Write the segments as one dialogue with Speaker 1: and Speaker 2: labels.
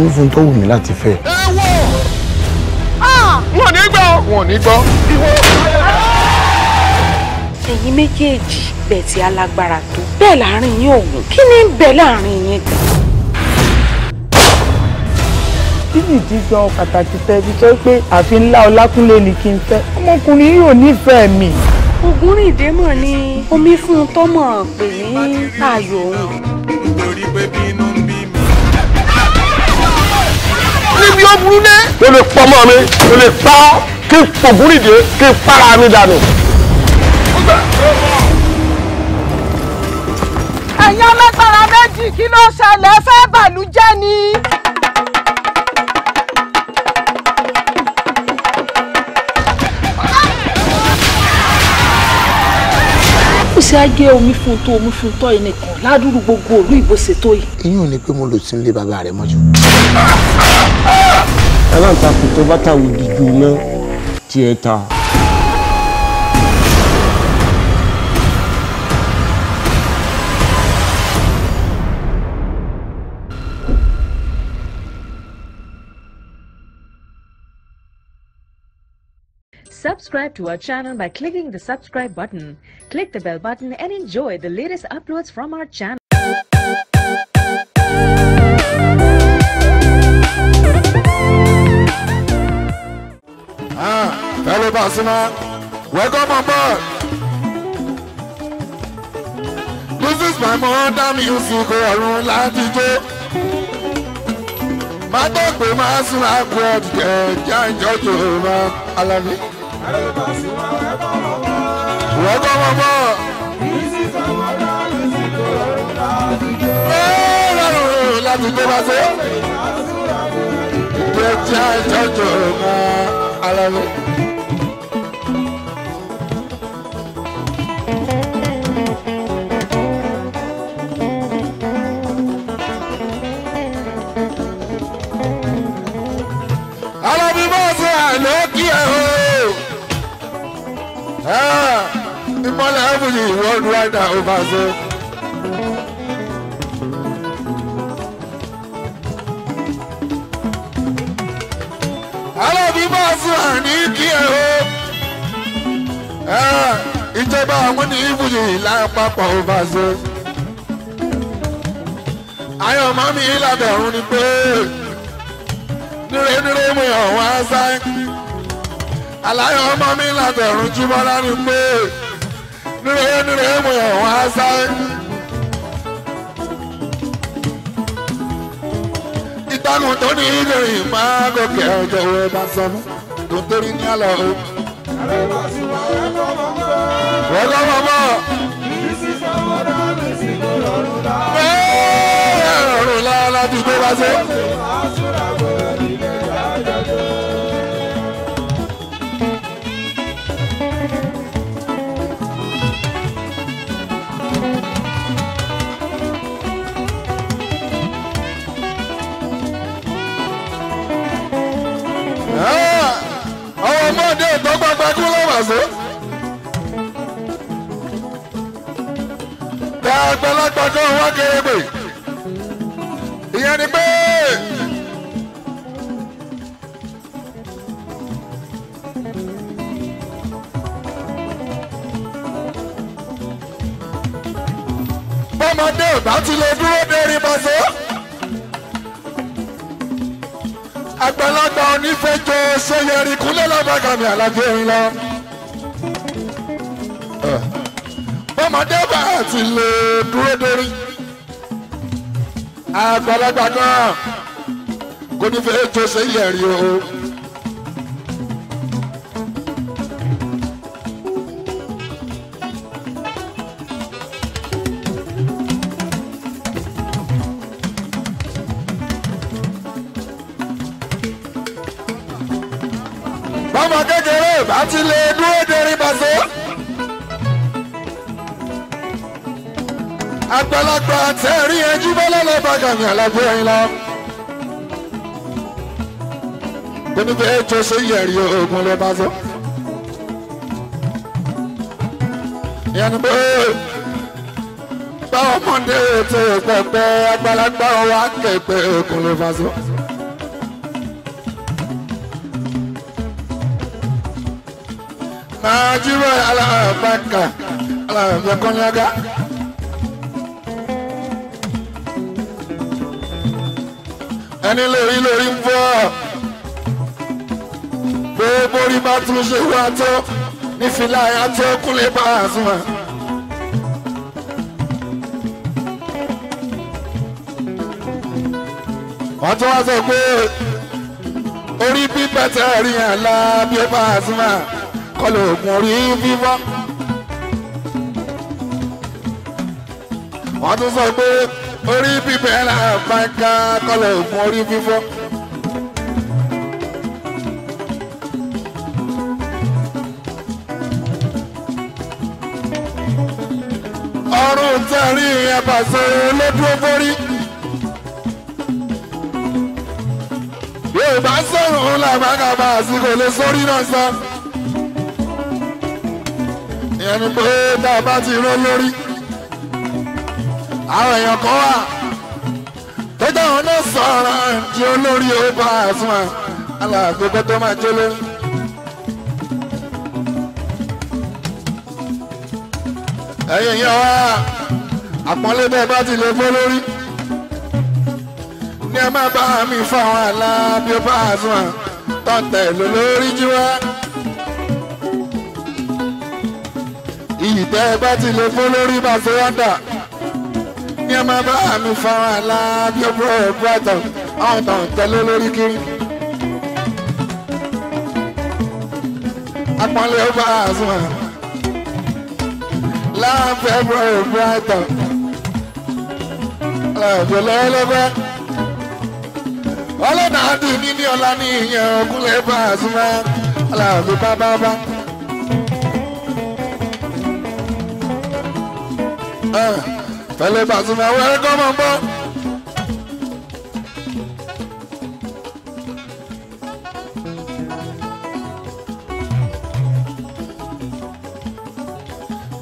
Speaker 1: ń fún tó wù mí láti fẹ́. ẹ wò ah! wọn ní gbọ́ wọn ní gbọ́ ìwọ. ẹ̀yin méjèèjì bẹ́ẹ̀ tí alágbára tó bẹ́ẹ̀ láàrin yín òun kí ni ń bẹ láàrin yín gan. títí jíjọ pàtàkì tẹbi sọ
Speaker 2: pé àfi ńlá ọlákúnlé ni kí n fẹ́ ọmọkùnrin yìí ò nífẹ̀ẹ́ mi. Ògúnrìndé mọ̀
Speaker 1: ni omi fún un tọ́mọ̀ pè ní ayò òun. ló burú dé. mo lè pọmọ mi mo lè pa ọ kí n fògúrìdè kí n para mi dànù. ẹ̀yin ọlọ́gbàrá méjì kí ló ṣẹlẹ̀ fẹ́ bàlújẹ́ ni. ó ṣe á gé omi fún tó omi fún tọ́ yìí nìkan ládùúgbò gbogbo òlú ìbò ṣètò yìí. ìyún ni pé mo lò sí ilé bàbá rẹ mọ́jú. aláǹtakùn tó bá tàwé díjú iná tiẹ̀ ta. Subscribe to our channel by clicking the subscribe button. Click the bell button and enjoy the latest uploads from our channel. Dr. Basima. Welcome on board. This is my mother music ọ̀run láti jó. Má gbàgbé máa sún the ọ̀dùnkẹ́ jẹ́ ìjọ́jọ́ ọmọ Alábí. Welcome on board. This is my mother music ọ̀run láti jó. Ọ̀run láti jó bá ṣe. Jẹ́ ìjọ́jọ́ ọmọ Alábí. ìmọ̀lẹ̀ ẹ̀fùjì world rider overso. alábí bá fún àní kí ẹ o ìjọba àwọn ní ìfùjì lápapọ̀ overso. ayọ̀ mọ́mí ìlàbẹ̀rún ni pé nírè nírè mú ọ̀hún á sáyé àlàyé ọmọ mi látẹ̀rùn júbọ́ lánìí pé nírèé nírèé mo yàn wọ́n á sáré. ìtàkùn tó ní ìdìrín máa gòkè ọjọ́ wo bá sọ fún tó torí ní àlọ́ o. wọ́n lọ́ mọ́ mọ́. ọ̀rọ̀ la la dùgbò bá ṣe. Paso. Tẹ àgbàlagbà náà wá kérébè. Ìyẹn ni pé. Bọ́mọdé ò bá ti lè dúró dérí Paso. Àgbàlagbà onífẹ́jọ sọ yẹri kúnlẹ̀ lábàgàmì àlàjẹ́ yìí lọ. tọmọdé bá ti lè dúró dórí àgbàlagbà náà kò ní fẹ́ tó ṣe ilẹ̀ rí o. báwọn kékeré bá ti lè àgbàlagbà àtẹ̀rí ẹjú bọ́lá lọ́bàgà ní alágbé ẹ̀yìn lọ. Gbẹ́nugbẹ́ ètò ṣe yẹ̀rí ogun ló bá sọ. Ìyanu pé báwọn ọmọdé ètò pẹpẹ àgbàlagbà wa kẹpẹ ogun ló bá sọ. Màá jíwèé alábàkà alábàkà ní ọgá. ẹni lórí lórí ń fọ́ pé borí bá tún ṣe wá tó nífìlà àti ọkùnrin bá a sùn wá. wọ́n tún wá sọ pé orí bíbẹ̀ tẹ́ rí yẹn lábí ó bá a sùn wá kọlu oògùn orí fífọ́. wọ́n tún sọ pé orí bíbẹ̀ là máa ń ká kọ́lọ̀ ògùn orí fífọ́. ọrùn tẹ̀rí ẹ̀bàṣẹ́ lójú borí. yóò bá sọ̀rọ̀ òun làbákà bá àsìkò lè sórí náà sọ. ìyẹn ni pé tá a bá ti rán lórí àwọn èèyàn kan wà tó dáhùn náà sọ̀rọ̀ di olórí ó bá àsùnwọ̀n aláàgbégbé tó máa jóló. ẹ̀yin yẹn wá àpọ́nlé bẹ́ẹ̀ bá ti lè gbó lórí ní ẹ má bá mi fáwọn aláàbí ó bá àsùnwọ̀n tọ̀tẹ̀ lólórí jí wá. ìyí tẹ́ ẹ bá ti lè gbó lórí bá ṣe wá dà ní ẹ máa bá mi fara láàbí ọ̀bọ̀ Brighton àwọn tó ń tẹ̀lé lórí kiri. apọ̀nlé ó bá a sùn à láàbí ọ̀bọ̀ Brighton ọ̀dọ̀ lọ́wọ́lọ́wọ́ ọlọ́dà dùn ní ní ọ̀la ní ìyẹn ọkùnrin bá a sùn à láàbí bá bá bá. Uh. Fẹ́lẹ́ Pasuma wẹ́rẹ́ kọ́ mọ̀ gbọ́.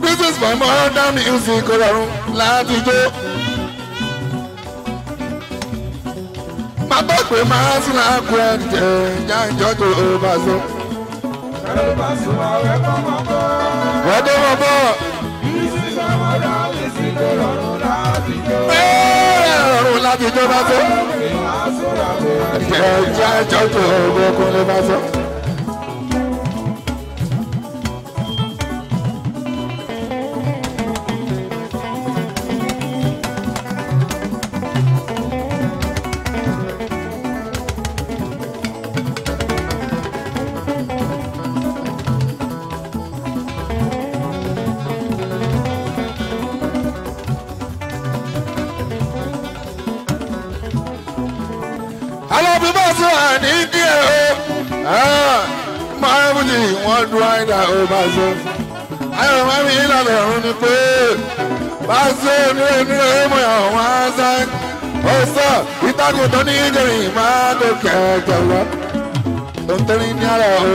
Speaker 1: This is my modern music kò rọrùn láti jó. Má bá pé máa sún láàkú ẹ̀ jẹ́ jáǹjọ́ tó o bá so. Fẹ́lẹ́ Pasuma wẹ́rẹ́ kọ́ mọ̀ gbọ́. Wọ́n dé mọ̀ gbọ́. ọ̀run láti jó bá tó ẹ̀jẹ̀ ẹjọ́ tó ọgbọ́n kún bá tó. ni wọ́n dún àìdá ó bá ṣe. ayọ̀ máa mi ìlànà ọ̀run ni pé bá ṣe onílé onílé ọmọ àwọn àṣà ó sọ ìtàkùn tó ní ìjẹrin máa tó kẹ̀kẹ́ lọ. tó ń tẹ́rí ní ara o.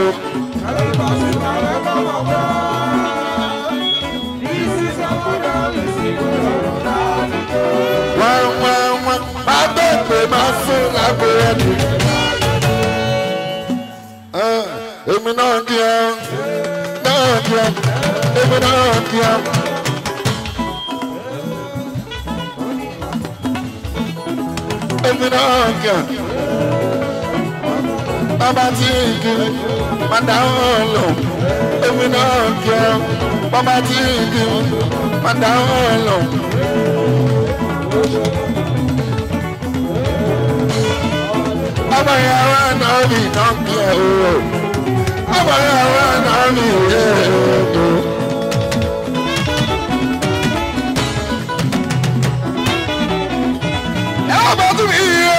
Speaker 1: wá wá wá bá bẹ́ẹ̀ pé máa fún lágbo ẹni. èmi náà ń kíá náà kíá èmi náà ń kíá. èmi náà ń kíá. bàbá tí ń kiri padà ń lọ èmi náà ń kíá bàbá tí ń kiri padà Àbáyé àwọn ẹ̀dá mi rẹ̀ tó. Ẹ wá bá tún mi yíyó,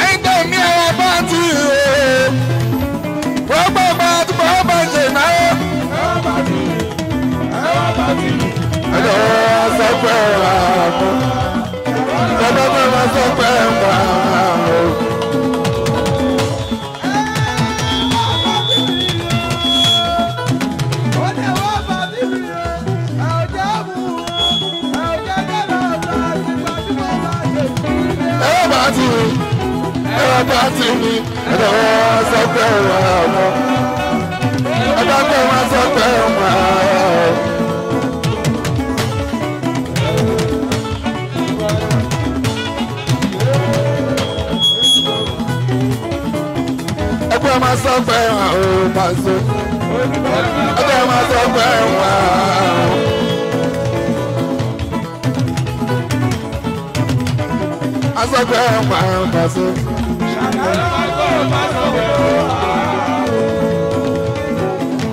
Speaker 1: ẹ̀yin tẹ̀ mí ẹ̀ wá bá tún yíyó. Wọ́n bá bá tún bá bá ṣe náà. Ẹ wá bá tún yíyó, ẹ wá bá tún yíyó. Ẹ lọ́ọ́ sọ pé ẹ̀ wá kú. Ẹ lọ́ọ́ sọ pé ẹ̀ wá kú. ọjọ́ tí mi ẹ̀dá wọn sọ pé wà á mọ́ ẹ̀dá pé wọ́n sọ pé wà á mọ́. ẹgbẹ́ máa sọ pé wà ó máa so ẹgbẹ́ máa sọ pé wà á mọ́. máa bá so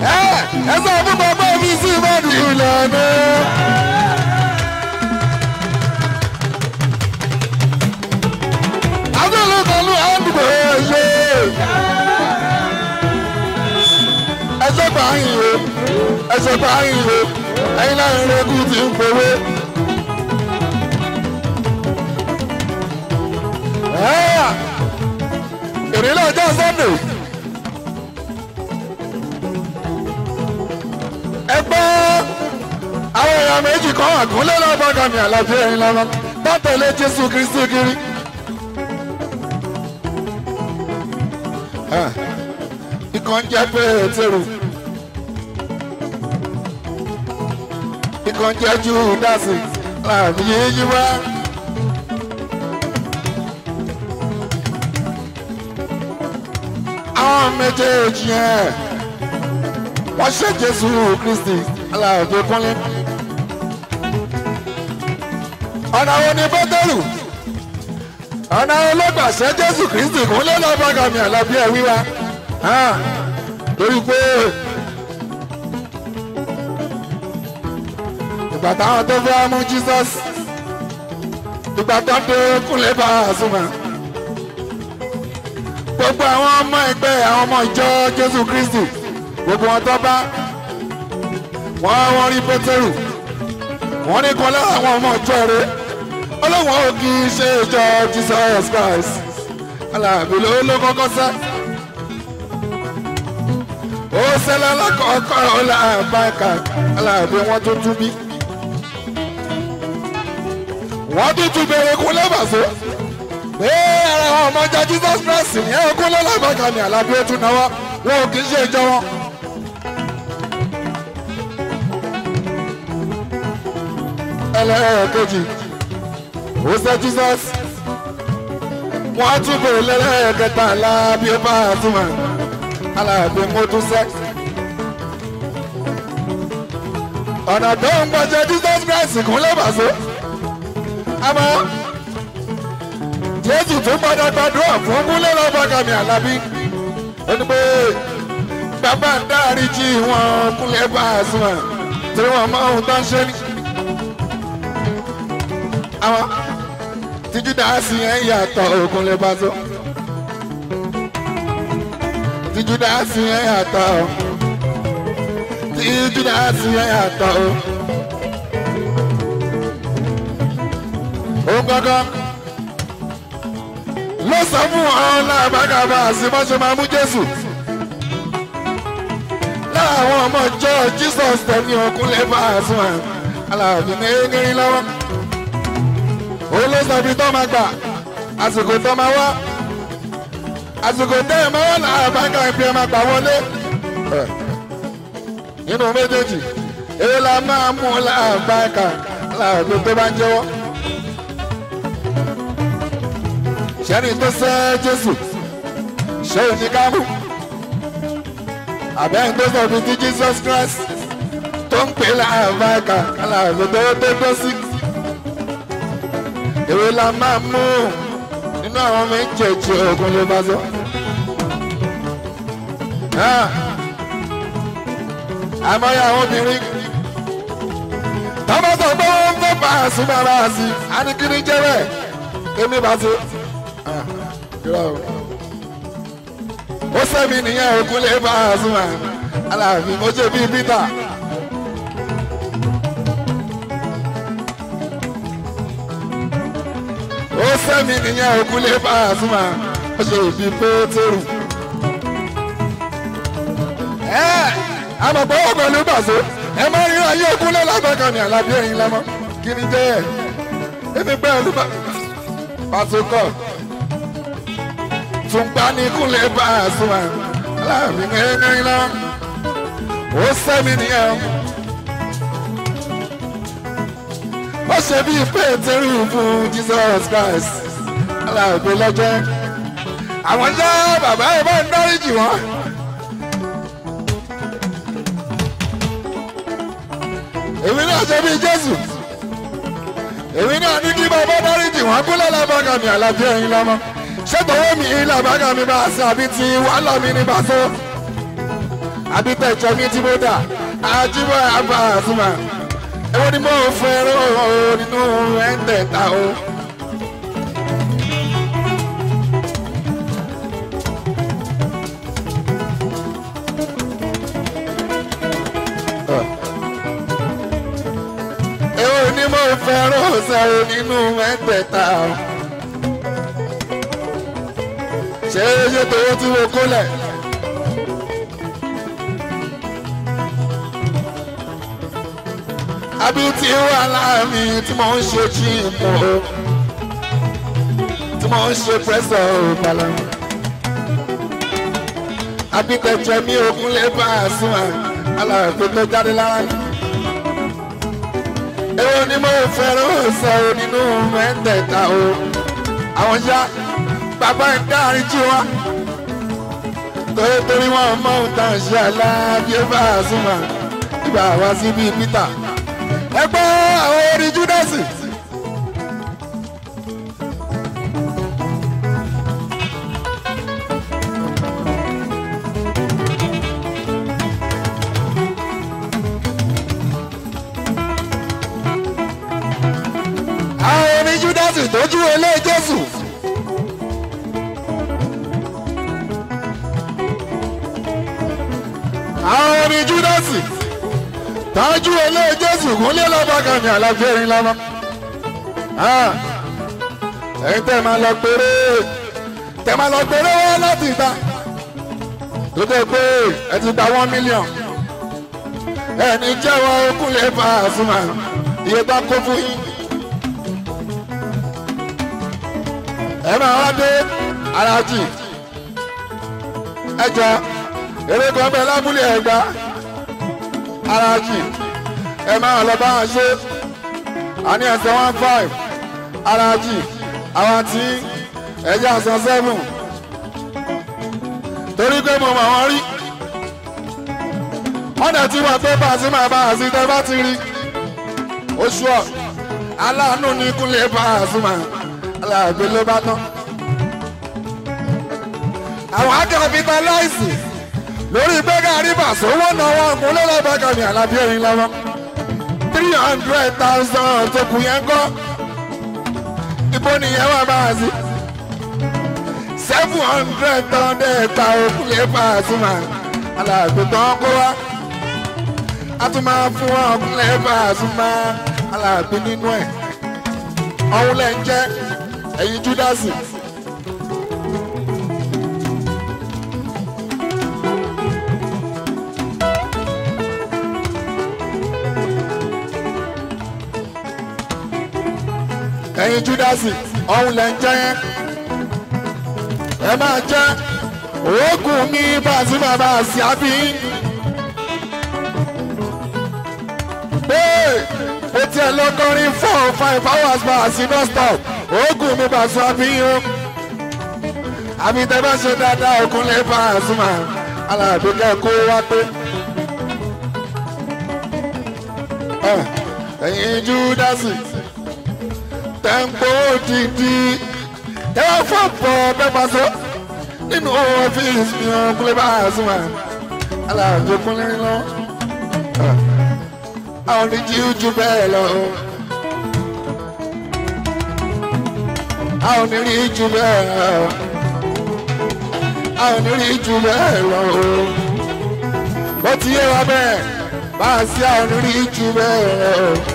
Speaker 1: ẹ sọ fún bàbá mi sí ìbádùn ìlànà. adúlọ̀tàlù àdùgbò ẹ̀yẹ ẹsẹ̀ gbà ń yìí ẹsẹ̀ gbà ń yìí ẹ̀yin láyé ń rẹ́kù tí ń fowó. Yeah èrè lọ́jọ́ sunday. ẹ gbọ́ àwọn èèyàn méjì kan àgúnlẹ̀ lọ́gbọ̀ngàn ní àlàbí ẹ̀yìn lọ́wọ́ bá tẹ̀lé jésù kristu kiri. Ah, ikọ̀ ń pé ètèrò ikọ̀ ń jẹ́ júdásì làbí yíyí wá. méjèèjì yẹn wọ́n ṣe Jésù Kristi aláàbò kúnlé. ọ̀nà wo ni Pétérù ọ̀nà olóògbàṣẹ́ Jésù Kristi kúnlé lọ́ba gàmì àlàbí ẹ̀ wíwá torí pé ìgbà táwọn tó fẹ́ mú Jesus ìgbà tó dé kúnlé bá a súnmọ́. gbogbo àwọn ọmọ ẹgbẹ́ àwọn ọmọ ìjọ Jésù Kristi gbogbo wọn tó bá wọn wọn rí Pétérù wọn ní àwọn ọmọ ìjọ rẹ ọlọ́wọ́n ò kì í ṣe ìjọ Jesus Christ aláàbí ló ló kọ́kọ́ sẹ́ ó sẹ́lá lákọ̀ọ́kọ́ tó tún bí wọ́n pé ara wọn ọmọ ọjọ́ Jesus Christ ní ẹ̀kún lọ́lọ́gbàgà ní àlàbíyé tún náwó wọn ò kì í ṣe ìjọ wọn. ẹlẹ́ẹ̀kejì ó ṣe Jesus wọ́n á túbọ̀ lẹ́lẹ́ẹ̀kẹta àlàbíyé bá a túmọ̀ àlàbíyé mo tún sẹ́. ọ̀nà tó ń gbọ́jọ́ Jesus Christ kún lẹ́bàá so. àmọ́ jésù tó padà gbàdúrà fún kúnlẹ̀ lọ́bàgàmì alábí ẹni pé bàbá ń dáríjì wọn kúnlẹ̀ bá a sùn wọn tí wọn máa ń tán ṣe ni. àwọn tíjú dáhàsì yẹn yàtọ̀ òkúnlẹ̀ bá sọ tíjú dáhàsì yẹn yàtọ̀ tíjú dáhàsì yẹn yàtọ̀ ó gbọ́dọ̀ ló sọ fún àwọn làbàkàbà àti bọ́sẹ̀ máa mú jésù láwọn ọmọ ìjọ jesus tẹ̀lé ọkùnrin bá a sùn ẹ̀ aláàbí ní ẹ̀ẹ́dẹ́rì lọ́wọ́ olóṣèlú tó máa gbà àsìkò tó máa wá àsìkò tẹ́ ẹ̀ máa wà làbàkà ìbí ẹ̀ máa gbà wọlé nínú méjèèjì èèlà máa mú làbàkà làbàkà tó bá ń jẹ́wọ́. ṣẹ́ni tó sẹ́ Jésù ṣé o ní ká mú àbẹ́yìn tó sọ fi ti Jesus Christ tó ń pè láàbá ẹ̀ka kálá àgbẹ̀tọ́ tó tó sí. èwe la máa mú nínú àwọn méjèèjì ogun ló bá sọ. Ah! àmọ́yé àwọn obìnrin tọ́mọ́tò gbọ́ ń fẹ́ bá a sí bá a sí a ní kí ni jẹ́ bẹ́ẹ̀ kí ni bá a sí. o sẹ́mi nìyẹn ogun lè bá a sùn à mo o bíi peter. ó sẹ́mi nìyẹn ogun lè bá a sùn à ó ṣe bíi pétérù. ẹ àmọ̀pọ̀ ọgbọ̀n ló bàṣọ ẹ má rí ayé ogun lágbàkan ní alábí Túngbánikúnlẹ̀ bá a sùn à láàbí gẹ́gẹ́ o se sẹ́mi nìyẹn. Ó ṣe bí Pétérù fún Jesus Christ aláàbí lọ́jọ́. Àwọn jẹ́ bàbá ìbá ń wọ́n. Èmi náà ṣe bí Jésù. Èmi náà wọ́n kú lọ́la bá kàmì ṣé tọwọ́ mi ilẹ̀ mi bá ṣe àbí ti wàhálà mi ní bá sọ àbí tẹ̀jọ́ mi tí mo dà àjíbọ̀ àbá àtúmọ̀ èwo ni mo fẹ́ràn nínú ẹ̀ńtẹ̀ta o. èwo ni mo fẹ́ràn nínú ẹ̀ńtẹ̀ta o ṣé é ṣe tòun tí mo kólẹ̀. àbí tí wà láàmì tí mo ń ṣe jí mọ́ tí mo ń ṣe pẹ́sẹ̀ òbálẹ̀. àbí tẹ̀tẹ̀ mi ogun lè bá a sún à aláàfin tó jáde lára ni. èwo ni mo fẹ́ràn sọ nínú mẹ́tẹ̀ẹ̀ta o àwọn ṣá bàbá ẹ̀ dárin jí wọn. torí torí wọn mọ ohun tá à ṣe aláàbíyé bá a súnmọ́ ibà wá sí bíi Peter. ẹ gbọ́ àwọn orin Júdásì. àwọn orin Jésù. òun ni júdásì tájú eléjésù kúnlẹ̀ lọ́bàkà ní àlàfẹ́rin lámá ẹ̀yin tẹ́ máa lọ péré tẹ́ máa lọ péré wá láti ìta tó dé pé ẹ ti gba one million ẹni jẹ́wọ́ okúnlẹ̀ Pasuma iye bá kó fún yín ẹ máa wá dé aláàjì ẹ jọ eré kan bẹ lábúlé ẹ̀gbá aláàjì ẹ máa lọ bá a ṣe àní ẹsẹ̀ one five aláàjì àwọn tí ẹ̀jẹ̀ àṣà seven torí pé mo mọ̀ wọ́n rí ọ̀nà tí wọ́n pé bá a sí máa bá a sí tẹ́ bá ti rí oṣù ọ̀ aláàánú ní kúnlé bá sí máa aláàgbé bá tán àwọn akẹ́kọ̀ọ́ fi ta láìsí lórí bẹ́gà rivers owó náwó ìkúnlẹ̀ ní alábí ẹ̀yìn lọ́wọ́ three hundred thousand tó kù yẹn kọ́ ibo nìyẹn wà bá a sí seven hundred thousand ta òkúlẹ̀ Pasuma aláàgbé tán kó wá a tún máa fún wọn òkúlẹ̀ Pasuma aláàgbé nínú ẹ̀ ọ̀hún lẹ́ ń jẹ́ ẹ̀yin Júdásì. ẹ̀yin júdásì ọ̀hún lẹ̀ ń jẹ́ yẹn ẹ máa jẹ́ òógùn ní bàtí bàbá àti àbí. pé mo tiẹ̀ lọ kọrin four or oh five hours bá àti non-stop òógùn mi bàtí àbí yẹn. àbí tẹ́ bá ṣe dáadáa òkúnlẹ̀ bá àtúmọ̀ alàdókè kó wá pé. ẹ̀yin júdásì tẹ́ ń gbó dídí ẹ fọ́pọ̀ pẹ́pàṣọ nínú ọ́fíìsì mi ò kúlẹ̀ bá a sùn wá aláàjò kúnlẹ̀ lọ àwọn oníjì jù bẹ́ẹ̀ lọ àwọn onírí jù bẹ́ẹ̀ lọ àwọn onírí jù bẹ́ẹ̀ lọ ó ti yé wa bẹ́ẹ̀ bá sí àwọn onírí jù bẹ́ẹ̀ lọ.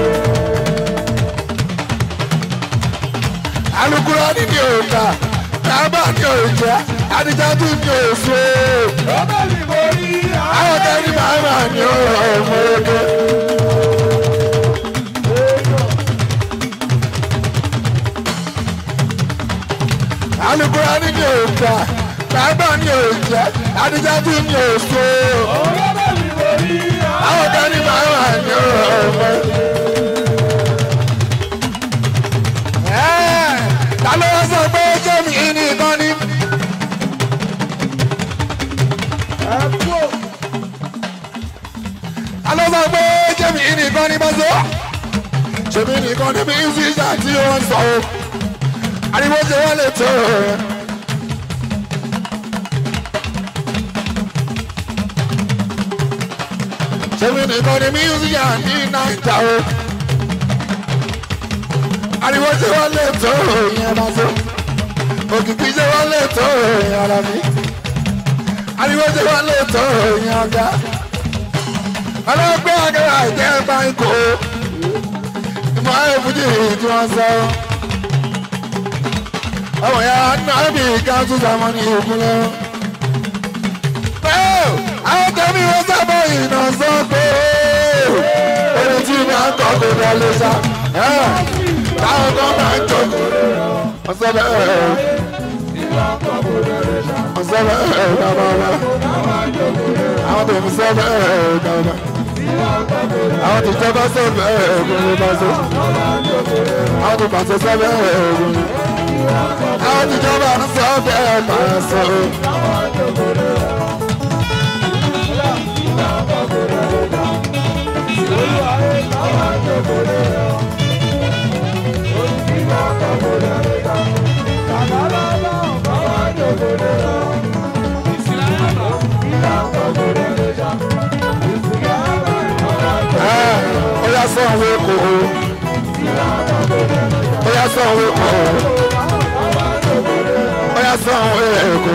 Speaker 1: alukurani ni ò kà kábà ni ò jẹ́ adijatu ni ò so. àwọn tẹ́lifí bàbá ni ó rọ ọmọ ẹgbẹ́. alukurani ni ò kà kábà ni ò jẹ́ adijatu ni ò so. àwọn tẹ́lifí bàbá ni ó rọ ọmọ ẹgbẹ́. ta me sọ pé jẹ́mi nìkan ni. ta ló sọ pé jẹ́mi nìkan ni bọ́sọ̀ jẹ́mi nìkan ni mi ń fi ìjà tí ó ń sọ o ariwo ṣe wọ́n lè tó o. Seven is on the music and the night out ariwo ṣe wá lè tó òyìn ara tó òkìkí ṣe wá lè tó òyìn ara mi ariwo ṣe wá lè tó òyìn ọ̀gá ọlọ́gbẹ́ agbára ìjẹ́ báńkò ìmọ̀ ayé fújì tí wọ́n sọ ọmọ ya náà bí káńtù sàmọ́ ní ìkúnlẹ̀ bẹ́ẹ̀ àwọn wọ́n sábà ìnà sọ́kò ẹni tí máa ń kọ́ kó dá lé sá táwọn kan máa ń jọ. ọ̀sẹ̀lẹ̀ ẹ̀ ọ̀sẹ̀lẹ̀ ẹ̀ dáadáa. àwọn tó ń sẹ́lẹ̀ ẹ̀ dáadáa. àwọn tó jọba sẹ́lẹ̀ ẹ̀ ògùnrin bá ṣe. àwọn tó pàṣẹ sẹ́lẹ̀ ẹ̀ ògùnrin. àwọn tó jọba sẹ́lẹ̀ ẹ̀ máa ṣe. Thank you. Ọya ah, sọ àwọn èkó o. Ọya sọ àwọn èkó o. Ọya sọ àwọn èkó.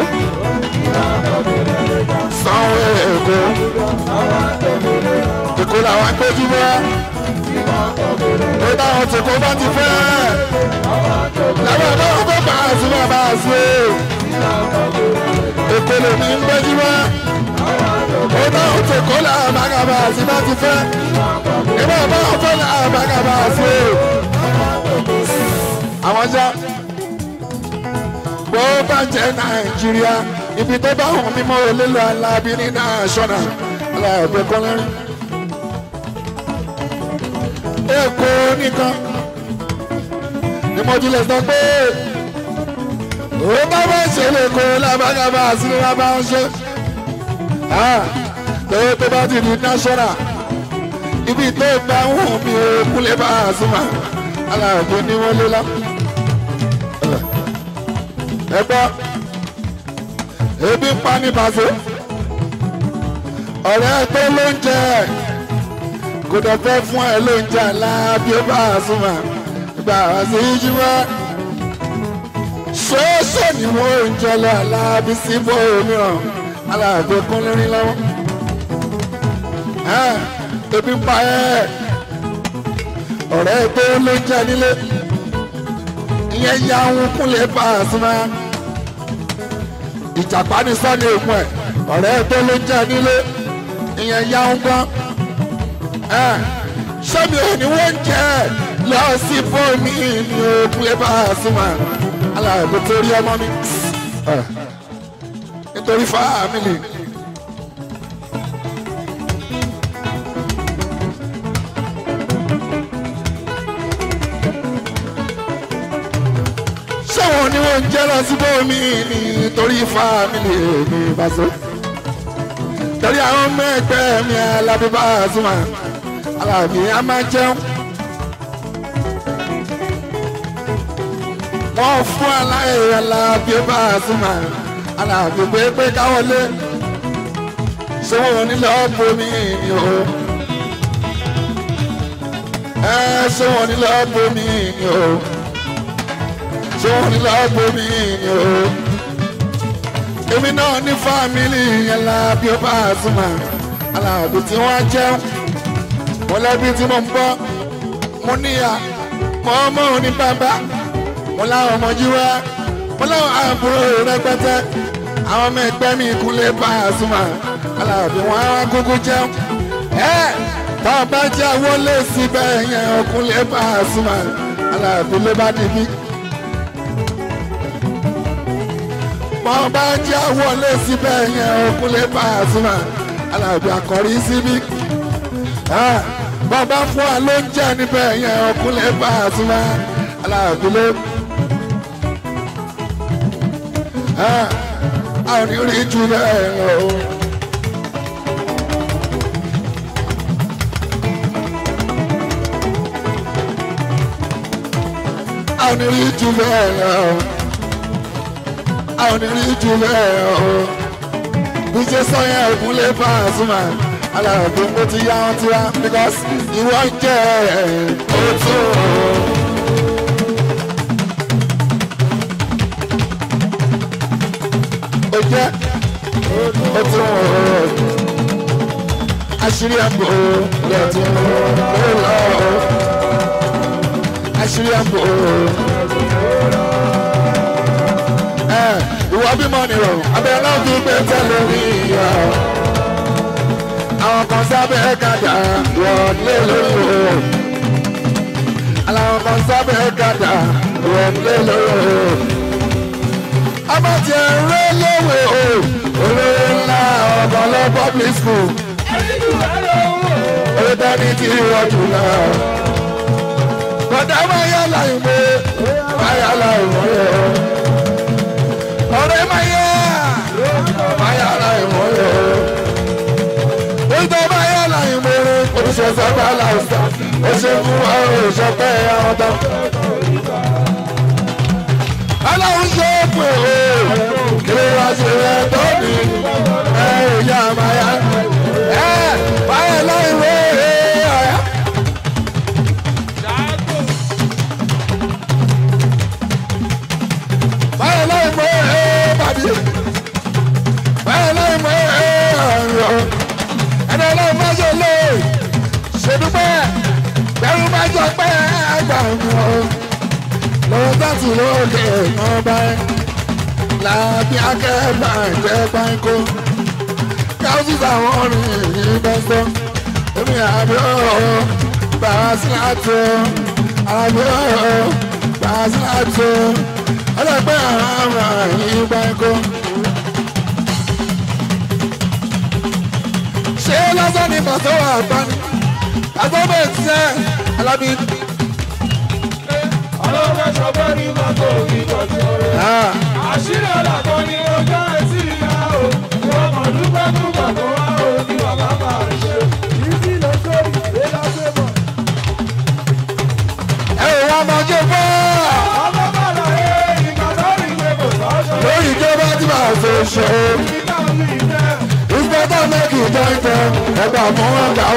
Speaker 2: Sọ àwọn èkó. Èkó
Speaker 1: làwọn agbójú mọ́ ó dáhùn èkó lè ní gbẹ́jú wá ó bá òtò kó là àbágàbà àti bá ti fẹ́ ìbá bá òtò là àbágàbà àti àwọn já bó bá jẹ́ nàìjíríà ibi tó bá hùn mímọ́ olélò alábí ní náṣọ́nà aláàbẹ̀ kọ́lẹ́rìn èkó nìkan ni mo ti lè sọ pé ó bá bá ìṣẹ̀lẹ̀ kó lábàgàbà sínú wa bá ń ṣe lọ́wọ́ tó bá ti di national ibi tó bá ń wù mí o kúlẹ̀ bá a súnmọ́ aláàbò ni wọ́n lé lọ. ẹ gbọ́ ebi ń pa ní bàṣẹ ọ̀rẹ́ tó ló ń jẹ kò dẹ̀ fẹ́ fún ẹ ló ń jẹ aláàbò bá a súnmọ́ gbà sí jíwọ́ ṣé ni wọ́n ń jọlọ aláàbí sí bóòmíràn aláàbò kún lórí lọ́wọ́. ebi ń pa ẹ́ ọ̀rẹ́ tó ló jẹ́ nílé ìyẹn ya ohun kúnlẹ̀ bá a súnmọ́ ìjàpá ní sọ́ni òkun ẹ̀ ọ̀rẹ́ tó ló jẹ́ nílé ìyẹn ya ohun gan ṣé mi ò ní wọ́n jẹ́ lọ sí bóòmí ni òkun lè bá a súnmọ́. Ala, ẹ̀ bó tó rí ọmọ mi ah. nítorí fáàmìlì. sẹ́wọ̀n ni wọ́n ń jẹ́ lọ síbò mi nítorí fáàmìlì èmi ìbáṣọ. torí àwọn ọmọ ẹgbẹ́ mi alábíbá àtúmọ̀ alábí a máa jẹun. wọ́n fún aláìrè aláàbíyé bá a súnmọ́ aláàbí pé pé káwọlé ṣé wọn ò ní lọ bomi o ẹ ṣé wọn ò ní lọ bomi o ṣé wọn ò ní lọ bomi o èmi náà ní fámìlì aláàbí bá a súnmọ́ aláàbí tí wọ́n jẹ́ mọ̀lẹ́bí tí mo ń bọ́ mo níyà mọ́ ọmọ òní bàbá mo láwọn ọmọ jíwá mo láwọn àbúrò rẹpẹtẹ àwọn ọmọ ẹgbẹ́ mi kúnlẹ̀ Pasuma aláàbí wọn á kúkú jẹun ẹ tá a bá jẹ wọlé síbẹ̀ yẹn ọkùnlẹ̀ Pasuma aláàbí ló bá dìbí. mọ bá jẹ́ wọlé síbẹ̀ yẹn òkúlé Pasuma alábí àkọ́rí síbí. bàbá fún wa ló ń jẹ́ níbẹ̀ yẹn òkúlé Pasuma alábí ló ń. àrírí ah, jù bẹ́ẹ̀ lọ. àrírí jù bẹ́ẹ̀ lọ. àrírí jù bẹ́ẹ̀ lọ. bí ṣe sọ yẹn ìkúnlé I aláàbò mo ti yá ọtí wa because ìwọ jẹ́ òtún. jẹ́ ó tún ọ̀rọ̀ àṣírí àgbò lẹ́tún lọ́rọ̀ àṣírí àgbò. ìwà bímọ nìrọ̀ abẹ́rẹ́ náà tún gbé tẹ́lẹ̀ rí ìyá àwọn kan sábẹ́ kàdà wọlé lóyún o. àwọn kan sábẹ́ kàdà wọlé lóyún o abájẹ eré lówe o olórí ńlá ọ̀gá lọ public school. Orí dání ti rọ̀jù náà. Bọ̀dá máa yá láì mọ́, máa yá láì mọ́ yẹ. Ọ̀rẹ́ máa yá, máa yá láì mọ́ yẹ. Oúnjẹ máa yá láì mọ́ rẹ̀, oníṣẹ́ sábà láìsà. Ó ṣe fún àwọn òṣèpẹ́ ọ̀dọ́. Aláwùjọ kwele kiri wasi rẹ tóbi ẹ ìyá àmàyà ẹ báyẹ̀ láì wé ọ̀yá. báyẹ̀ láì mọ ẹ bàbí báyẹ̀ láì mọ ẹ ọ̀rọ̀ ẹni ọlọ́run má ṣe lè ṣèdúpẹ́ bẹ́rù má jọ pé ẹgbàá ọ̀rọ̀ lọ́wọ́ sátì lóògè ọ̀bá ẹ làbí akẹ́gbà jẹ́ páńkó thousands àwọn ọ̀rìn yìí dọ́sọ́ èmi àbí ọ̀rọ̀ bàbá síláàtò àbí ọ̀rọ̀ bàbá síláàtò ọlọ́pẹ́ àwọn ọ̀rìn yìí páńkó. ṣé lọ́sọ̀ ni màtọ́wà àgbáni àtọ́bẹ̀ tiẹ̀ alábí ọgọ́rin máa kó òbí tọ́jú ọ̀rẹ́. àṣírí ọ̀làkọ́ ni ọjọ́ ẹtì ìyá o wọ́n mọ̀ dúpẹ́ fún bàbá wa o ní bàbá máa ṣe. ìdí lọ sórí ìwé
Speaker 2: lásán mọ̀. ẹ ò wá máa jẹ fún ọ. ọmọ bàbá rẹ ìgbà lórí ìwé kò sọ́ọ́. lórí ìjọba tí màá fi ṣe.
Speaker 1: ìgbà tó mẹ́kì jẹ́ ń tẹ ẹgbàá fún ọjà ó.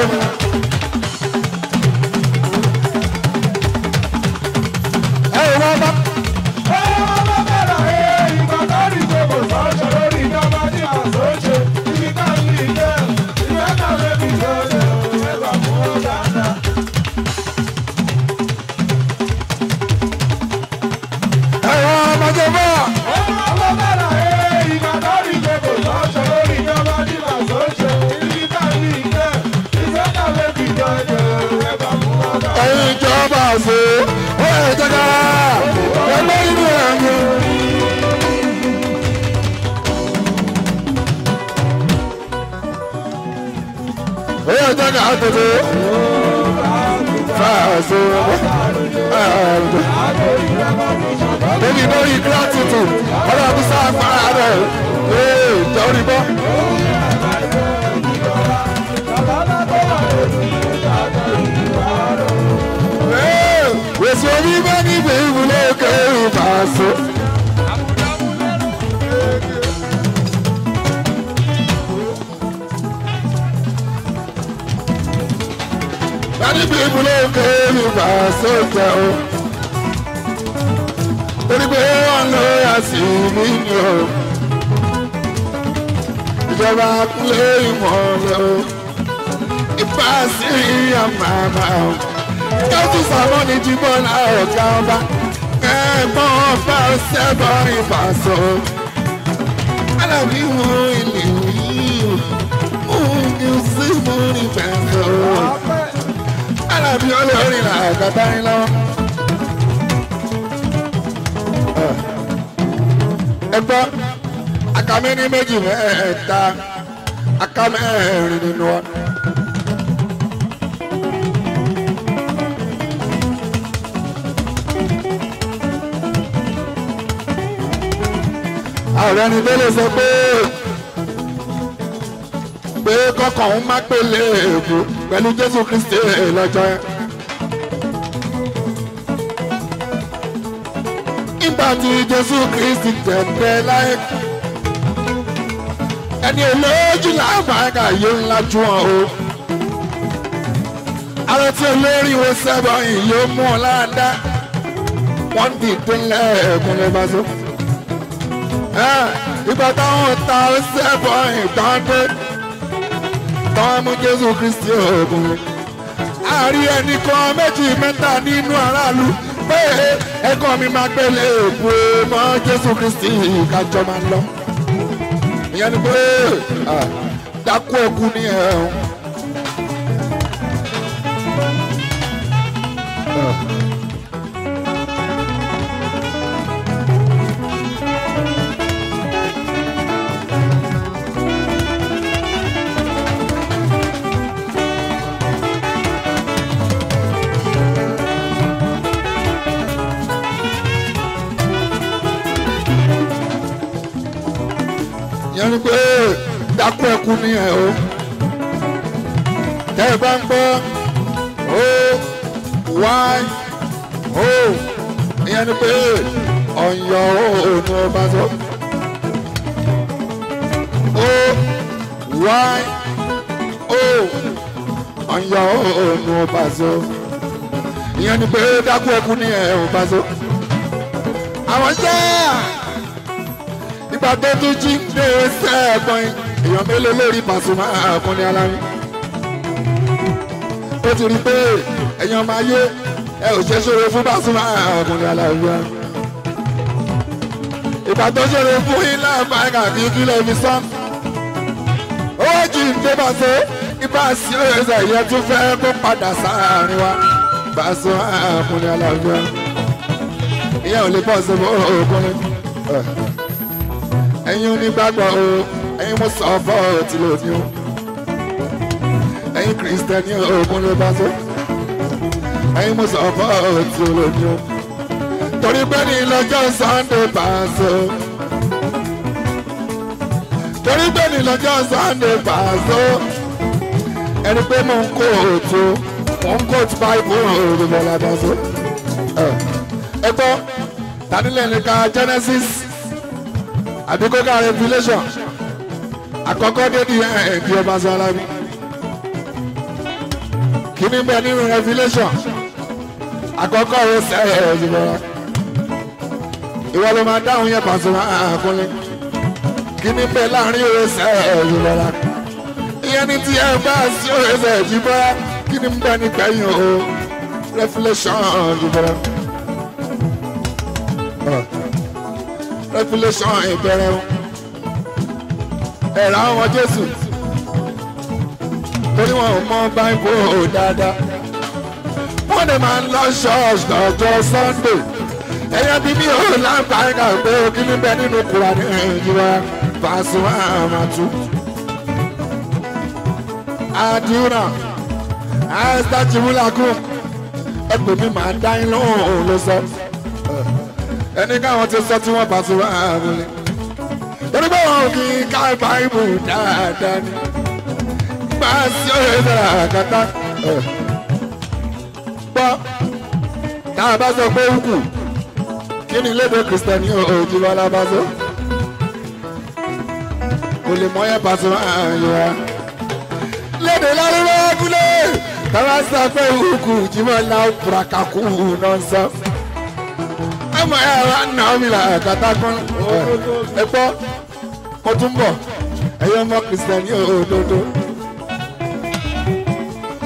Speaker 1: dodo fàṣọ àrùn. Débi lórí gratitude, ọlọ́run sá agbára rẹ̀ ee torí bọ́. Wèsì orí bá níbi ìwúlò kẹ́rù fàṣọ. people no carry myself down. Torí pé wọ́n lọ àṣì mí ni o. Ìjọba kúlé ìmọ̀lẹ́ o. Ìfà sí ìyá màmá o. Kẹ́tù sàmọ́ ni jíbọ́ náà ọ̀gá ọba. Ẹ̀gbọ́n ọba ṣẹ́bọ̀ ìbàṣọ. Alábí wo ìlú yìí? Mú ní sí mú ní bẹ̀rẹ̀ o kára bí olórin là kàtà yín lọ́wọ́. ẹ gbọ́ akamẹ́ ní méjì mẹ́ẹ̀ẹ́ta akamẹ́ ẹ̀rin nínú wa. ààrẹ bẹ́lẹ̀ sọ pé kọ́kọ́ òun má pélé èkó pẹ̀lú Jésù Kristi lọ́jọ́ yẹn. nígbà tí Jésù Kristi tẹ̀tẹ̀ láyé ẹni olójú làbàgà yóò ńlá ju wọn o. àwọn tí olórí wo sẹ́bọ̀ yìí mú ọ láàdá wọ́n dìde lẹ́ẹ̀kún lẹ́bàá sọ. ìgbà táwọn ta sẹ́bọ̀ yìí dé tán mú Jésù Kristi ogun àárí ẹnì kan méjì mẹ́ta nínú aráàlú pé ẹ̀kọ́ mi máa gbélé òkú mọ́ Jésù Kristi kájọ máa lọ ìyẹn ni pé dákú ẹkú ní ẹ̀hún. ní pé dákú ẹkún ní ẹ o tẹ́ ẹ bá ń gbọ́ o wáì o ìyẹn ni pé ọ̀yọ́ òòrùn ọba tó o wáì o ọ̀yọ́ òòrùn ọba tó ìyẹn ni pé dákú ẹkún ní ẹ ọba tó àwọn jẹ́ à nígbà tó tún jí ń dé sẹ́ẹ̀pọ̀n èèyàn mélòó lórí Pasuma Àkànní Aláwí. ó ti rí i pé èèyàn máa yé ẹ ò ṣe ṣòro fún Pasuma Àkànní Aláwí. ìgbà tó ṣòro fún ilé àfáàgà kì í kílẹ̀ mi sán. ó jì ń dé Pasuma ibà sí òyìnbó ìyẹn tún fẹ́ kó padà sáàárín wa Pasuma Àkànní Aláwí. ìyẹn ò lè bọ́ sí ọkùnrin ẹ̀yin onígbàgbọ́ o ẹ̀yin mo sọ fọ́ ti lónìí o ẹ̀yin kìrìsìtẹ́nì ogun ló bá tó ẹ̀yin mo sọ fọ́ ti lónìí o torí pé ní lọ́jọ́ Sunday Paso torí pé ní lọ́jọ́ Sunday Paso ẹni pé mo ń kó òtún mo ń kó báìbù òòrùn bọ́lá Paso ẹ gbọ́ tanilẹ̀ nìkan Genesis àbí kó ká revolution àkọ́kọ́ dé ní ẹ̀ẹ́dì eh, eh, ọba Salami kí ni bẹ́ẹ̀ nínú revolution àkọ́kọ́ rẹ ẹ̀ẹ́dìbọ̀ra eh, ìwọ ló máa dáhùn yẹn Pasuma ah, àkúnlẹ̀ ah, kí ni láàrin rẹ ẹ̀ẹ́dìbọ̀ra ìyẹn ní tí ẹ bá sí òrẹ́sẹ̀ ìdìbọ̀ra kí ni bẹ́ẹ̀ nígbẹ̀yìn o revolution ìdìbọ̀ra. Ah revolution ìbẹ̀rẹ̀ o ẹ̀rọ àwọn Jésù torí wọn ò mọ báńkò dáadáa wọ́n dẹ̀ máa ń lọ ṣọ́ọ̀ṣì lọ́jọ́ Sunday ẹ̀yà bí mi ò láǹfààní pé kí ni bẹ́ẹ̀ nínú Kùránì ìjìwà Pasuma Amatu. àdúrà àìsàn tìmúlà kù ẹgbẹ̀mí máa dá iná òun ló sọ ẹni káwọn ti sọ tí wọ́n Pasuma abúlé torí pé wọn ò kì í ká báìbù dáadáa ni gbà sí òye sọ̀rọ̀ àkàtà gbọ́ tá a bá sọ pé ó kù kí ni lédè kìrìsìtẹ́nì òjì lọ́la bá sọ kò lè mọ yẹn Pasuma àyẹ̀wò lédè lárúbáwá kúlẹ̀ tá a bá sọ pé ó kù jìmọ̀ náà bùràkà kú nọ́ọ̀sán ọmọ ẹ wa nà ọmọ ìlà kàtà kan ẹ gbọ́ mo tún bọ̀ ẹ̀yọ́ ọmọ kìrìsìtẹ́nì òdodo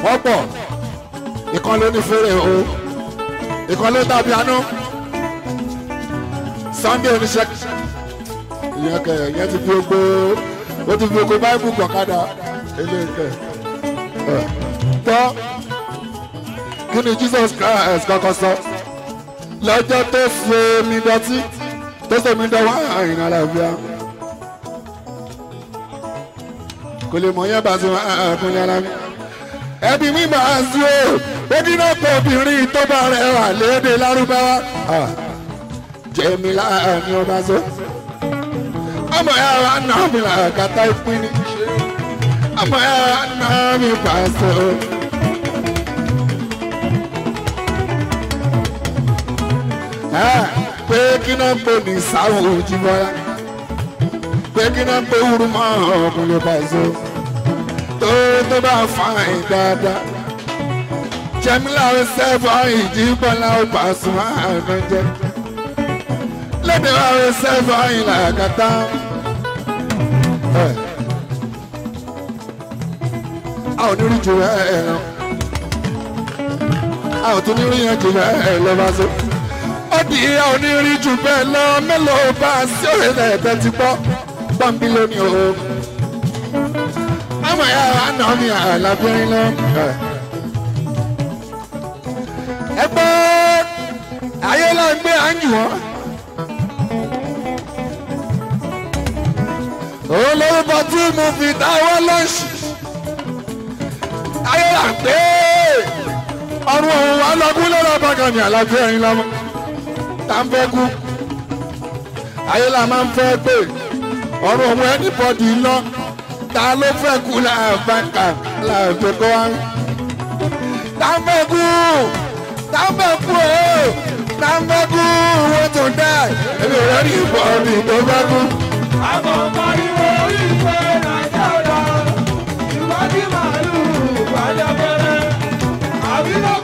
Speaker 1: wọ́n pọ̀ ìkan ló ní fèrè o ìkan ló tàbí àánú Sunday oníṣẹ́ ìyẹn kẹ ìyẹn ti fi ogbó ó ti fi ogbó báyìí bùkún ọ̀kadà eléyìíkẹ tọ́ kí ni Jesus Christ kọ́kọ́ sọ. So lọ́jọ́ tó ṣe mí dọ̀tí tó ṣe mí dọ̀wọ́ àrìn àlàáfíà. kò lè mọ yẹn bá ṣe àkúnlẹ̀ ara mi. ẹbí mi máa ń sún o ó dínà obìnrin tó bá rẹwà lédè lárúbáwá. jẹ́mi láàrin ọba sọ. ọmọ ẹ̀ wa náà mi làkàtà ìpínlẹ̀. ọmọ ẹ̀ wa náà mi pàṣẹ. pé kí náà ń pè ní sáwọn òjìbọlá pé kí náà ń pè wúrú mọ́ ọkùnrin pàṣẹ tó tó bá fàáyìn dáadáa jẹmílà ń sẹ́fọ̀ ìjìbọlá ó pàṣẹ àná jẹ lẹ́dẹ̀ wá ń sẹ́fọ̀ ìlàkàtà. a ò ní rí jù ẹ ẹ lọ a ò tún ní rí yẹn jù ẹ lọ bá so bí ìyá onírin jù bẹ́ẹ̀ lọ mélòó bá a sí òrìṣà ẹ̀tẹ́ ti gbọ́ pọ́ńbí lónìí o. ọmọ ìyá wa nà ọ́ ní àlàbírin lọ. ẹgbẹ́ ayé la ń gbé àyùn wọn. òun lórúkọ tí mo fi dáwọ́ lọ́ọ̀ṣì. ayé la ń gbé ọrùn òun wà lọ́gún lọ́rọ̀ bàgànì àlàbírin lọ́mọ là ń fẹ́ kú ayé la máa ń fẹ́ pé ọ̀run òun anybody lọ ta ló fẹ́ kú làbàkà làbẹ̀ kọ́ wa ta ń fẹ́ kú ta ń fẹ́ kú o ta ń fẹ́ kú wọ́n tó dá ẹ̀mí rẹ̀ rí ìbọ̀nì tó fẹ́ kú. àbọ̀ pariwo ìwé nàìjíríà ìwádìí màálù ìwádìí abẹ́rẹ́ àbí lọ́kọ̀.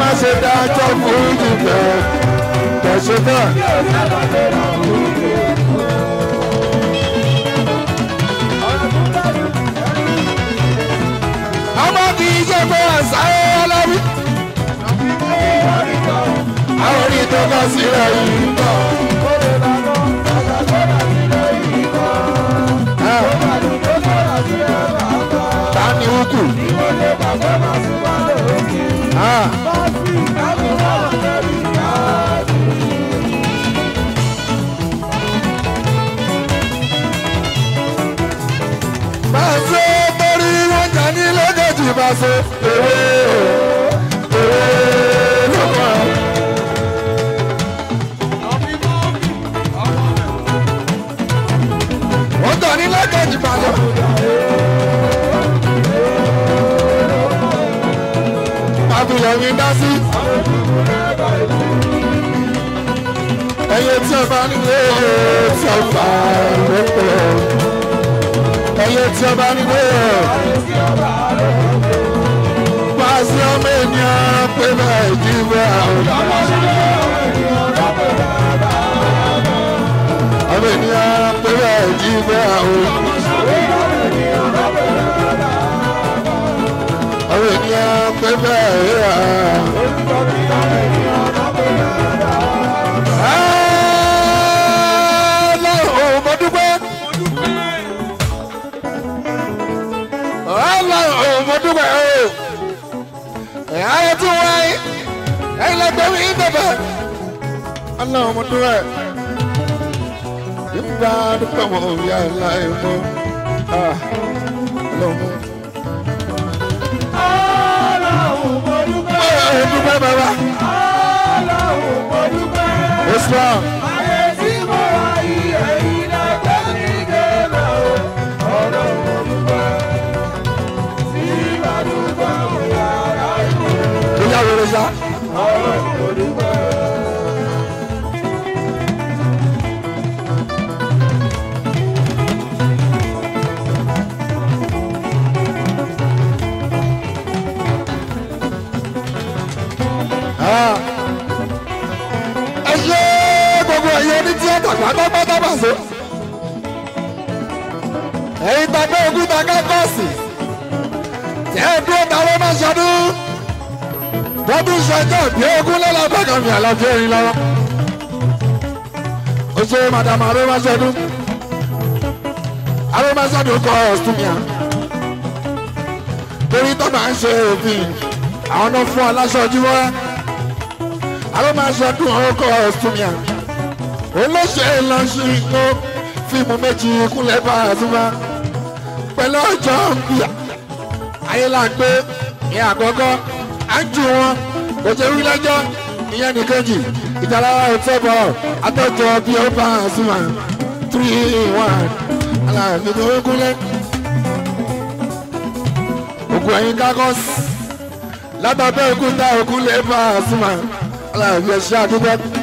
Speaker 1: má ṣe dájọ́ fún jùlọ tẹ̀sán náà. ọmọ kì í ṣe pé àṣàyẹ alábí. àwọn orí tó bá sílẹ̀ yìí bọ̀.
Speaker 2: Tani ukwu.
Speaker 1: bá so ewé ewé lọ́kọ̀. wọ́n tọ̀ ní lẹ́kẹ̀jì bàjẹ́. àbílẹ̀ mi dá sí. ẹyẹ tí ẹ bá nílé tí ẹ fà lóko ẹyẹ tí ẹ bá nílé.
Speaker 2: ní ọpẹ́ nàìjíríà ọ̀dà. ọmọ ènìyàn ọpẹ́ nàìjíríà ọ̀dà. ọmọ ènìyàn ọpẹ́ nàìjíríà ọ̀dà.
Speaker 1: bẹ̀bẹ̀ aná ọmọdé rẹ̀ nígbà dúpẹ́ wọn ò yá láì mọ́ lọ́mú. aláwọ̀ mo dúpẹ́. aláwọ̀ mo dúpẹ́ Islam. pátápátápàṣẹ. ẹ̀yin tagbé ogún ta kákọ́ọ̀sì tẹ́ ẹ dúró táwọn máa ṣọdún bọ́dún ṣẹjọ́ bí ogún lọ́la bọ́gàn mi àlọ́jọ́ erin lọ́wọ́. ó ṣe madam arẹ́máṣẹ́dún arẹ́máṣẹ́dún kọ́ ọ̀sùn mi à torí tó máa ń ṣe òfin àwọn náà fún aláṣọ ojúmọ́ arẹ́máṣẹ́dún ọkọ̀ ọ̀sùn mi à olóṣèlú lọ sí igbó fíìmù méjì kúnlẹ̀ bá a pẹ̀lú ọjọ́ ìyá ayélujáde ní àkọ́kọ́ à ń jù wọn kò jẹ́ wí ìyẹn nìkejì ìtàlára ìtẹ́bọ̀ àtọ́jọ bí ó bá a three one aláàbí ni ó kúnlẹ̀ ògùn ẹ̀yìn kákọ́sì látàbẹ́ òkúta òkú lè bá a tún bá àdúgbò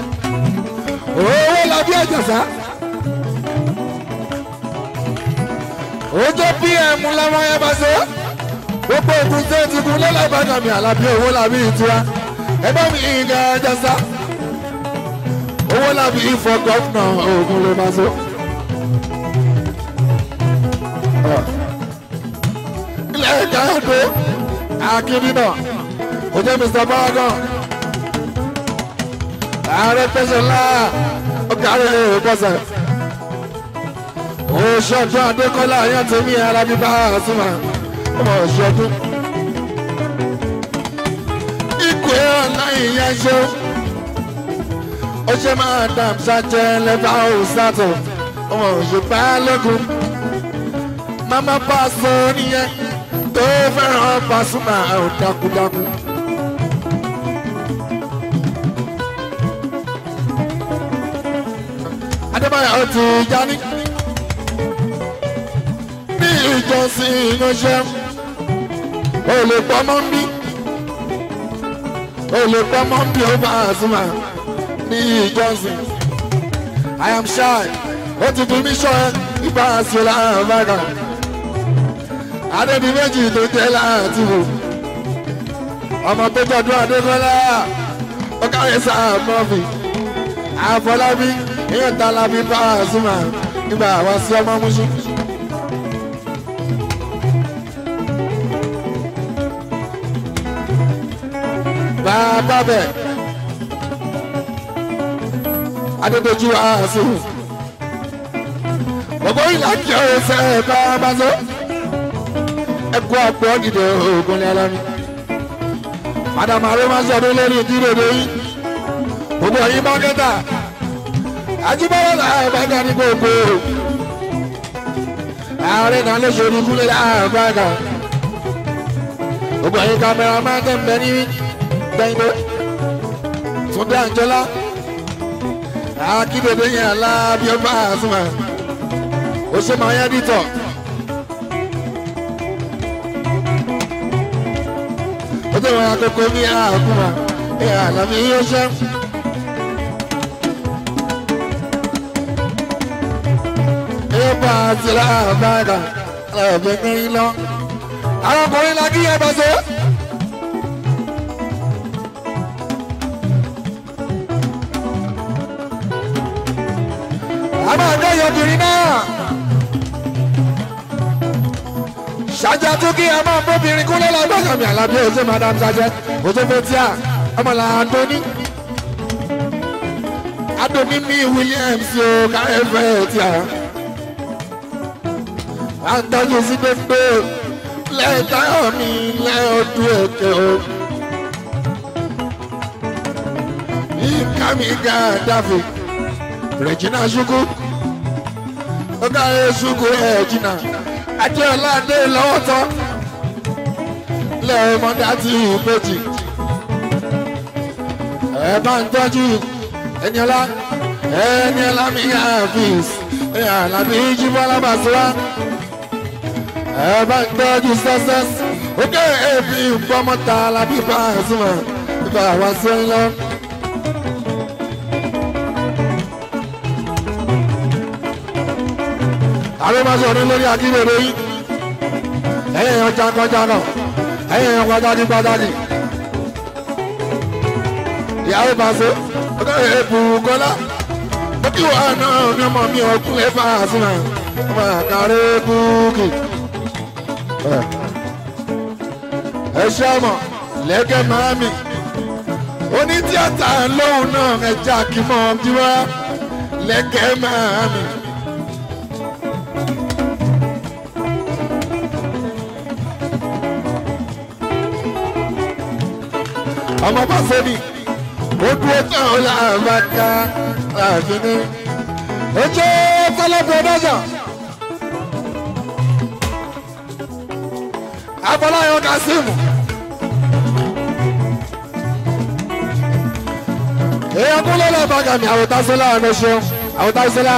Speaker 1: owó labí àjàsá ojó pm làwọn yẹn bá ṣe gbogbo ogun tó ti kun lọ́la ìbàdàn mi àlàbí owó labí ìtura ẹgbẹ́ mi ìgbà àjàsá owó labí ìfọ̀ gọ́fúnà ogun ló bá ṣe. ilé ẹ̀ka ẹ̀dọ́ akíndínà ojó mr baragan ààrẹ tẹsán ńlá ọgá rẹ èrò pọsẹ. òṣèọdún adékọlá àyàn tèmi alábíbá àtúmọ̀ ọmọ òṣèọdún. ikùn ẹ̀ ọ̀nà ìyá ṣe ó ṣe máa dàm ṣàjẹ́ lẹ́fà òṣàtọ̀ ọmọ òṣèpá lẹ́kùn. mama Paso nìyẹn tó fẹ́ràn Pasuma àwọn takuntakun. Adébáyọ̀ Tìjání ní ìjọsìn ìyanṣẹ́ olùpamọ́ ń bí olùpamọ́ ń bí ó bá àzùmá ní ìjọsìn I am shy ó ti fi mí ṣọ́ ibà àṣìlá àbára adébí méjì tó jẹ́ láti wò ọmọ tó tọdún Adékọ́lá ọkàrẹ́sà mọ́fì Àfọlábí èèyàn ta la fi bá Pasuma nígbà àwa sí ọmọ múṣú. bàbá bẹ̀ adédojú àásù ògbó ìlà kí ọ̀rẹ́ sẹ́ ẹ̀ bá bá sọ ẹ̀kọ́ àpò ọ̀dìdẹ̀ ògùn ní ẹlẹ́nu madam aroma sọdún lórí ìdílé lóyún gbogbo ẹ̀yin mákẹ́tà. Àjíbọ́wọ́ làbàdà ní gbogbo. Ààrẹ náà ló ṣe oríkú lé làbàdà. Gbogbo ẹ̀yin kámẹ́rà máa ń tẹ̀m̀bẹ̀ ní gbẹ̀ngbẹ̀. Túndé Àǹjọ́lá. Akíndéde yẹn alábíọ́bá àsùnmá. Ó ṣe máa yẹ́ dìtọ̀. Ó tẹ̀wọ̀n akẹ́kọ̀ọ́ ní àkùnmá. Ẹ̀ àlàmì yóò ṣẹ́. àti láàbàdà ọ̀bẹ̀rin lọ. àwọn ọkùnrin la kí ẹ bá ṣe. a máa dé obìnrin náà. a máa bóbìnrin kúnlẹ̀ lágbàgbà mi àlàbí ojú madam ṣáájú ojú fẹ́tíà ọmọlá àdóní adomi mi Williams o ká ẹ fẹ́ ẹ adájọ́ sí gbogbo lẹ́ẹ̀dáyọ̀ ní lẹ́ọ̀dún ẹ̀kẹ́ o. yínká mi ga dáfì regina ṣukú ọgá ẹ ṣukú ẹ jìnnà adéọlá adé lọ́wọ́ tán lẹ́ẹ̀mọ́dá ti hù méjì ẹ bá ń tọ́jú ẹni ọlá ẹni ọlá mi yá fíìs ẹ àlàbí jíbọ́ alábàṣọ́ wa ẹ bá ń gbẹ́jú sẹ́sẹ́ ó kẹ́ èéfì gbọ́mọ́ta alábíbá ẹ̀sùnmọ̀ bíbá àwa sẹ́yìn lọ. àrèmáṣọ ọdún lórí akíwèrè yìí ẹ̀yìn ẹ̀yàn jankọ̀jankọ̀ ẹ̀yìn ẹ̀yàn pàtàkì pàtàkì ìyàwó pàṣẹ ó kẹ́ èéfì kọ́lá ó kí wàá náà ní ọmọ mi ọkùnrin ẹ̀ fà á sínú ẹ̀ ọmọ àkàrẹ́ búùkì ẹ ṣe àmọ̀ lẹ́gẹ̀ màámi oní tíátà lóhùn náà ẹ já kí mọ́ ọdí wá lẹ́gẹ̀ màámi. ọmọ pàṣẹni ó dúró tán ó là ń bá ká àfin ó jẹ́ kọ́lọ́bù ọ̀dájà. Afọláyan Kazeem. èèyàn kún lọ́lọ́ bàgàmì àwòtásílà ọ̀nẹ́ṣẹ́ àwòtásílà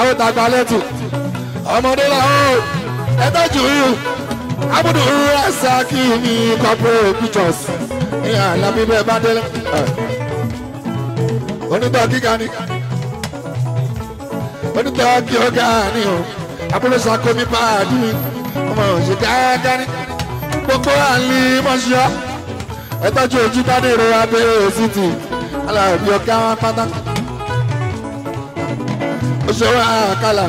Speaker 1: àwòtàgbálẹ́tù ọmọdé làwọn ẹ̀tọ́ jù yìí abudu rasaki ní corporate pictures ní àlàbí bẹ́ẹ̀ bá délé onítọ̀ kíkà ni onítọ̀ kí ọ̀gá ni o abúlọ́sà komi pàdí ọmọ òṣè dáadáa ní gbogbo àlè mọ́ṣọ́ ẹ̀tọ́jú ojú dáadé rẹ̀ abẹ́ òsìtì aláàbí ọ̀gá wọn pátá òṣèré àkàlà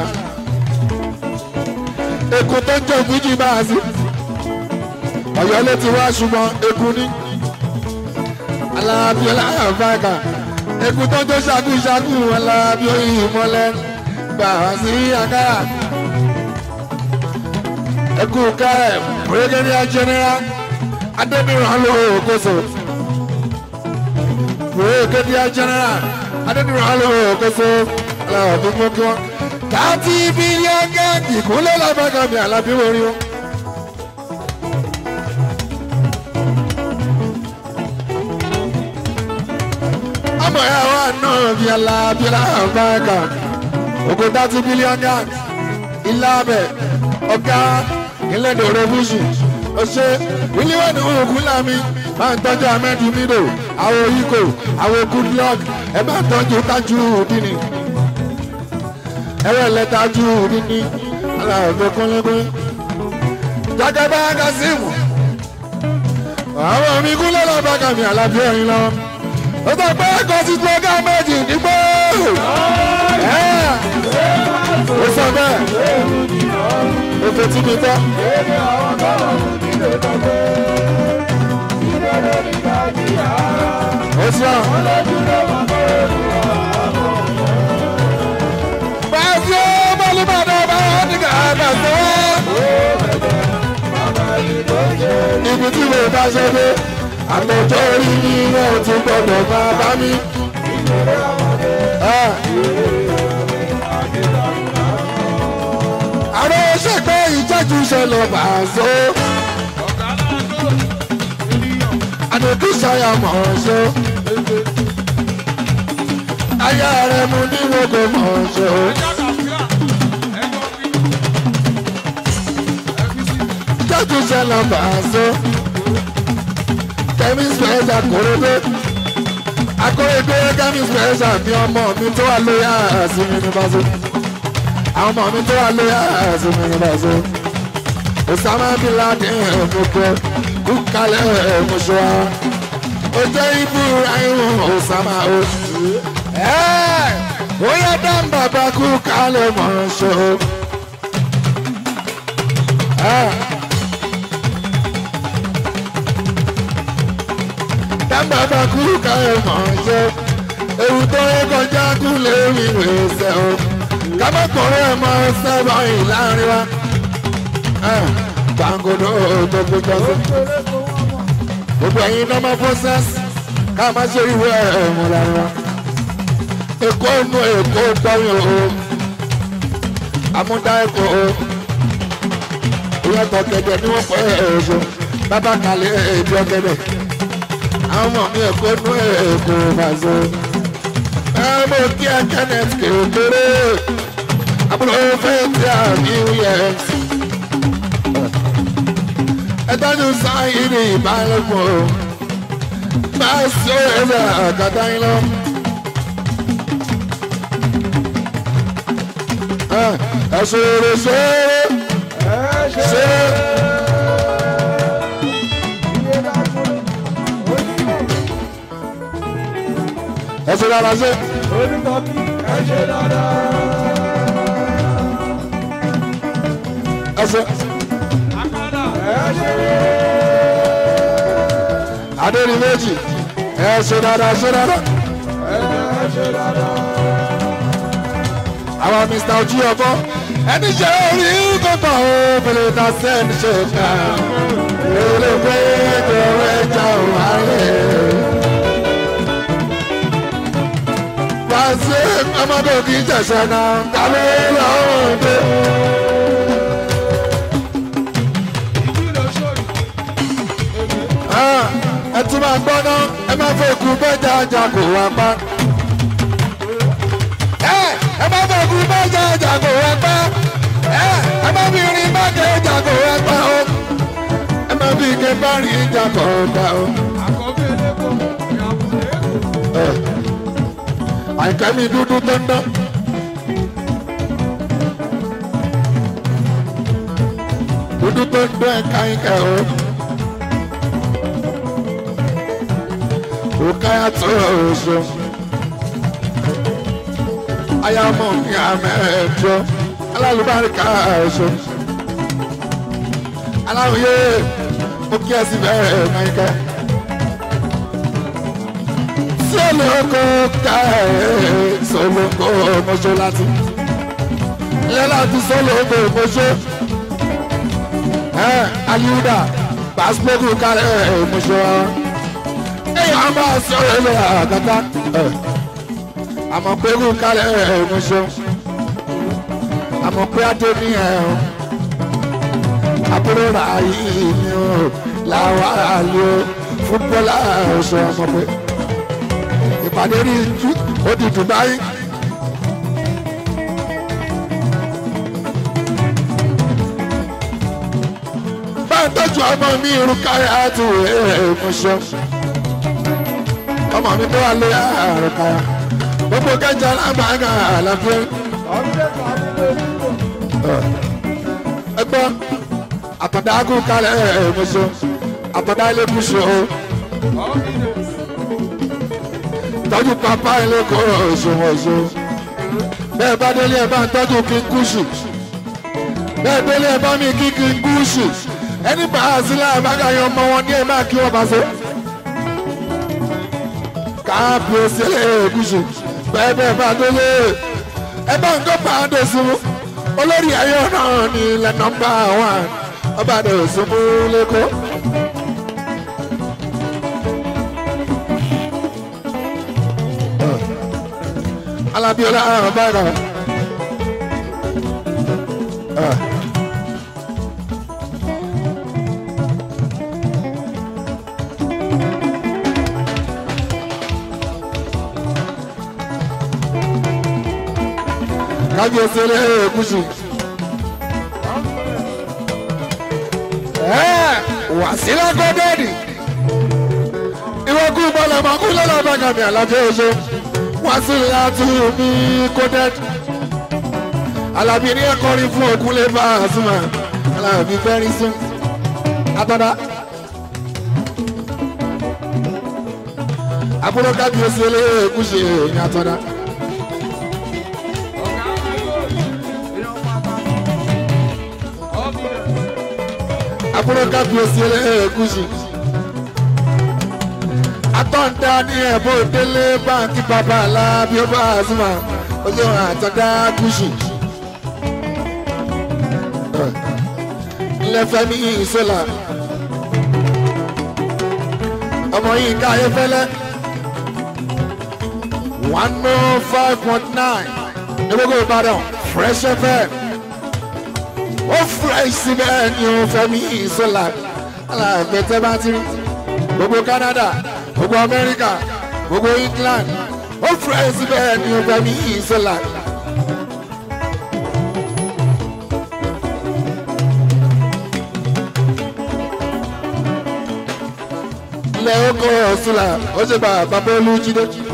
Speaker 1: èkó tó ń jẹ́ òfìjì máa sí ọ̀yọ́ ló ti wá ṣùgbọ́n èkó ní aláàbí ọ̀làǹfààkà èkó tó ń jẹ́ ṣàkúṣàkú aláàbí òyìnbó lẹ́nu gbà sí àkàrà ẹkú kẹrẹ brigadier general adébíran lóòkóso brigadier general adébíran lóòkóso aláwọ̀ tó mú kí wọ́n. thirty billion gang ìkúnlẹ̀ lábàgà mi àlàbí orí wọn. ọmọ ẹ̀ wà náà bí alábí alábàgà ogun thirty billion gang ìlàbẹ̀ ọ̀gá ìlẹ́dẹ̀ òde búṣù ó ṣe wílíwẹ̀dì òògùn lámi máa ń tọ́jú amẹ́dù nílò àwọn oyíkò àwọn good luck ẹ máa tọ́jú tájú òdìní ẹwẹ́ lẹ́tájú òdìní aláàbẹ̀ kúnlẹ́gbẹ́ jágẹ́bá kazeemu àwọn mi kú lọ́lọ́ bàgàmì àlàbí ẹ̀rín lọ́wọ́ ó sọ pé ẹ̀kọ́ sí tó gámẹ́jì nígbó ó sọ bẹ́ẹ̀ ètò tí mi tẹ́. èmi àwọn
Speaker 2: tọ́wọ́ mú nílé tọ́gbẹ́ ilé rẹ̀ ní nàìjíríà. ó ṣe wọ́n lè
Speaker 1: dúró wọn kọ́ ẹ̀rù àbọ̀. bàbá ó bọ́lú bàdà bá wọn ní gàdà sọ. ibi tí mo bá ṣe dé àtẹ̀jọ́ orí ni wọ́n ti gbọ́dọ̀ bá bá mi. ìrora ah. ọmọdé. túnṣe lọ bà á so. àdókùsà yà mọ̀ ọ́ so. ayé rẹ̀ mú ní wọ́kọ̀ mọ̀ ọ́ so. túnṣe lọ bà á so. kẹ́mi spẹ́ẹ́sì àkórèdé àkórèdé kẹ́mi spẹ́ẹ́sì àmì ọmọ mi tó wà lóyè àṣìmí ní bá so. àwọn ọmọ mi tó wà lóyè àṣìmí ní bá so. Osama bin Laden mọ̀kọ́ kúkálẹ̀ mọ̀ṣọ́ wa. Ó jẹ́ Ibrahim Osama o. Ó yẹ dán bàbá kúkálẹ̀ mọ̀ṣọ́ o. Dán bàbá kúkálẹ̀ mọ̀ṣọ́ o. Ewu tó yẹ kọjá kú lè rí ìwé ẹsẹ̀ o. Ká má kọ̀wé ẹ̀ máa ń sábà ìlànà wa. Tangodo tó gbé jọ́sí. Gbogbo ẹ̀yin normal process ká má ṣe ìwé ẹ̀wọ̀n lára. Èkó inú Èkó tọ́yìn o. Amúdá Èkó o. Ìyá tọ̀kẹ̀dẹ̀ ni wọ́n pẹ́ baba Bàbá Kàlẹ́ èdè ọ̀gẹ̀dẹ̀. Àwọn ọmọ mi Èkó inú Èkó bàzọ́. Ẹ mú kí ẹ kẹ́nẹ̀tì kékeré. Abúlé ó fẹ́ tí a ní yẹn ẹ̀dánù sáyé ní ìbálòpọ̀ máa ṣe ẹ̀dá àgàdá iná. ẹ̀sùn rẹ̀ ṣe é ṣe é. ẹ ṣe dára ṣe. onítọ́bí ẹ ṣe dára. ẹ ṣe adéni méjì ẹ ṣe dáadáa ṣe dáadáa ẹ ṣe dáadáa. àwa mr ojú ọkọ ẹni jẹ orí kọkọ òbèrè ta sẹ́ni ṣe ká lè pé ẹgbẹ̀rún ẹja òun àárẹ. wàá ṣe ọmọdé òkè ìjẹsẹ̀ kálí lọ́wọ́ dé. ẹ tún máa gbọ́ ná ẹ má fẹ́ ikú bẹ́jà ajá kò wá pa. ẹ ẹ má fẹ́ ikú bẹ́jà ajá kò wá pa. ẹ ẹ má fi rin bákẹ́ ajá kò wá pa o. ẹ má fi ike bá rin ajá kò wá pa o. àìkẹ́ mi dúdú tó dúdú tó ẹ̀ka ìkẹ́ o. ukaya tó so ayamu ala alalubarika so aláwòye òkè ẹsì bẹ̀rẹ̀ mayika sọlọ kọ káyẹ sọlọ kọ mọṣọ láti yálà ti sọlọ kọ mọṣọ ẹ aliuda pàṣípẹ́kù kárẹ̀ mọṣọ bá sọ̀rọ̀ ilé àgàtà àmọ́ pé irú kálẹ̀ ẹ̀ mo ṣeun àmọ́ pé adé ní ẹ̀ o àbúrò rà yìí ni o làwọn àlè o fútbọ́lá ọ̀ṣọ́ àmọ́ pé ìpàdé rí ju ó di Dubai. bá a tọ́jú ọmọ mi irú kálẹ̀ àti ìwé ẹ̀ mo ṣeun ọmọ mi tó wà lé àrùn kan gbogbo kẹjọ alábàága àlàfẹ́. ẹgbọ́n àtọ̀dá agùn kalẹ̀ ẹ̀ẹ́mọ̀ṣọ́ àtọ̀dá ilé kùsùn o tọ́jú pápá ilé kò ṣòwòṣò bẹ́ẹ̀ bá délé ẹ̀ bá ń tọ́jú kí n kúṣù bẹ́ẹ̀ délé ẹ̀ bá mi kí kí n kúṣù ẹni bá a sílẹ̀ àbájáyọ̀ ọmọ wọn ní ẹ̀ máa kí wọ́n bá ṣe káàpìọ̀sì ẹ̀ẹ́gúsù bẹ́ẹ̀ bẹ́ẹ̀ bá délé ẹ bá ń gọ́pà àdòsùnmù olórí ayọ̀ náà ní ilẹ̀ nọ́mbà wán ọba àdòsùnmù lẹ́kọ́. alábíọ́lá bára. agbésẹ̀lẹ̀ ẹ̀kúṣù. wàsílẹ̀ gọ́dẹ́ẹ̀dì ìwọ́kú bọ́lá máa kú lọ́la bàgàmì àlàjẹ́ oṣù wàsílẹ̀ àtúnmí gọ́dẹ́ẹ̀dì. Àlàbí ní ẹ̀kọ́rin fún òkúlé bá a súnmọ́ Àlàbí fẹ́rin sún. Atada. Àbúrò kábíyèsí olóyè èkúṣe èèyàn àtọ́dá. muro kábíyèsí ẹ̀ẹ́gúsì. atọ́ǹda ní ẹ̀bùn délé báńkì bàbá aláàbí ó bá àzùmá ojú àtọ́ǹda gúsì. lẹ́fẹ̀ẹ́ ní ìṣọ́là ọmọ yìí ká ayéfẹ́lẹ́ one oh five point nine ní gbogbo Ìbàdàn Fresh FM price bẹ́ẹ̀ ni o Fẹ́mi Sola aláàgbẹ̀ tẹ́ bá ti rí gbogbo Canada gbogbo America gbogbo England ó price bẹ́ẹ̀ ni o Fẹ́mi Sola. ilẹ̀ ọkọ̀ Sola ó ṣe bàbá bọ́ọ̀lù jíde jíde.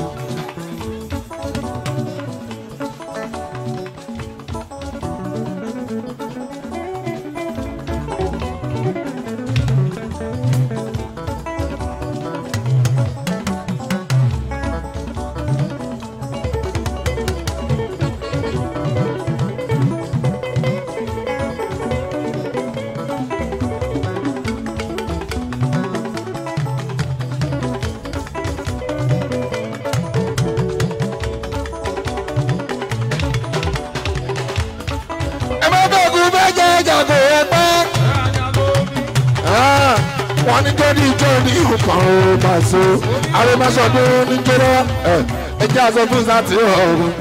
Speaker 1: so arémásọdún ní kéré ẹ fún sátì ọ̀run.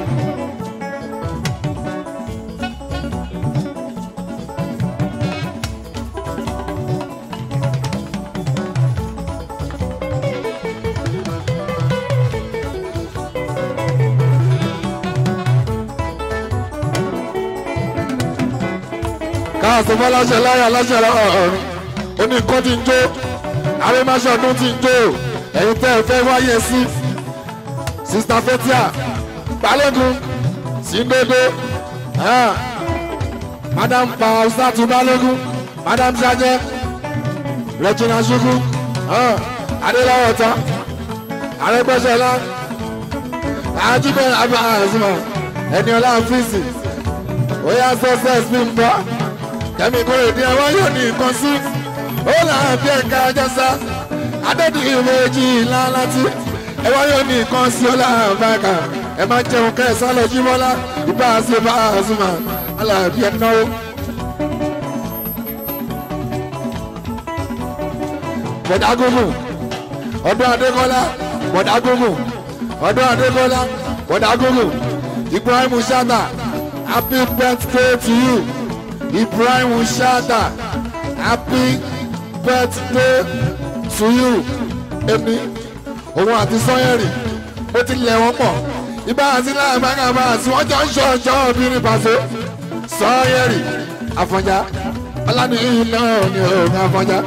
Speaker 1: káàsùn fọláṣẹ láyà láṣẹ ọ̀run oníkan ti ń jó arémásọdún ti ń jó ẹ̀yin tẹ́ ẹ fẹ́ wáyé sí sista Fathia Balógun síndódó madam pausatu Balógun madam sajẹ Regina Chukwu adélawọta arẹgbẹsọlá ajibẹ abahazuma Ẹniọlá fíìsì oya success bí n bọ kẹmí kúrò ní ẹwà yóò ní nǹkan sí ó là á bí ẹ̀ka ajásá adédìméjì ńlá láti ẹ wá yóò ní sí ọlá àbáka ẹ máa jẹun kẹsàn án lójú ìbá àṣẹ bá àṣùmọ̀ aláàbí ẹ náwó. bọ̀dágúngùn ọdún adékọ́lá bọ̀dágúngùn ọdún adékọ́lá bọ̀dágúngùn Ibrahim Shata happy birthday to you Ibrahim Shata happy birthday. Suyu èmi òun àti Sanyẹ̀rì ó ti lẹ̀ wọ́n pọ̀ ibà àti láàbàkà bá àti wọ́n jọ ń ṣọ̀ṣọ́ obìnrin pàṣẹ Sanyẹ̀rì Àfọ̀njá ọlánìyí náà ni òun Àfọ̀njá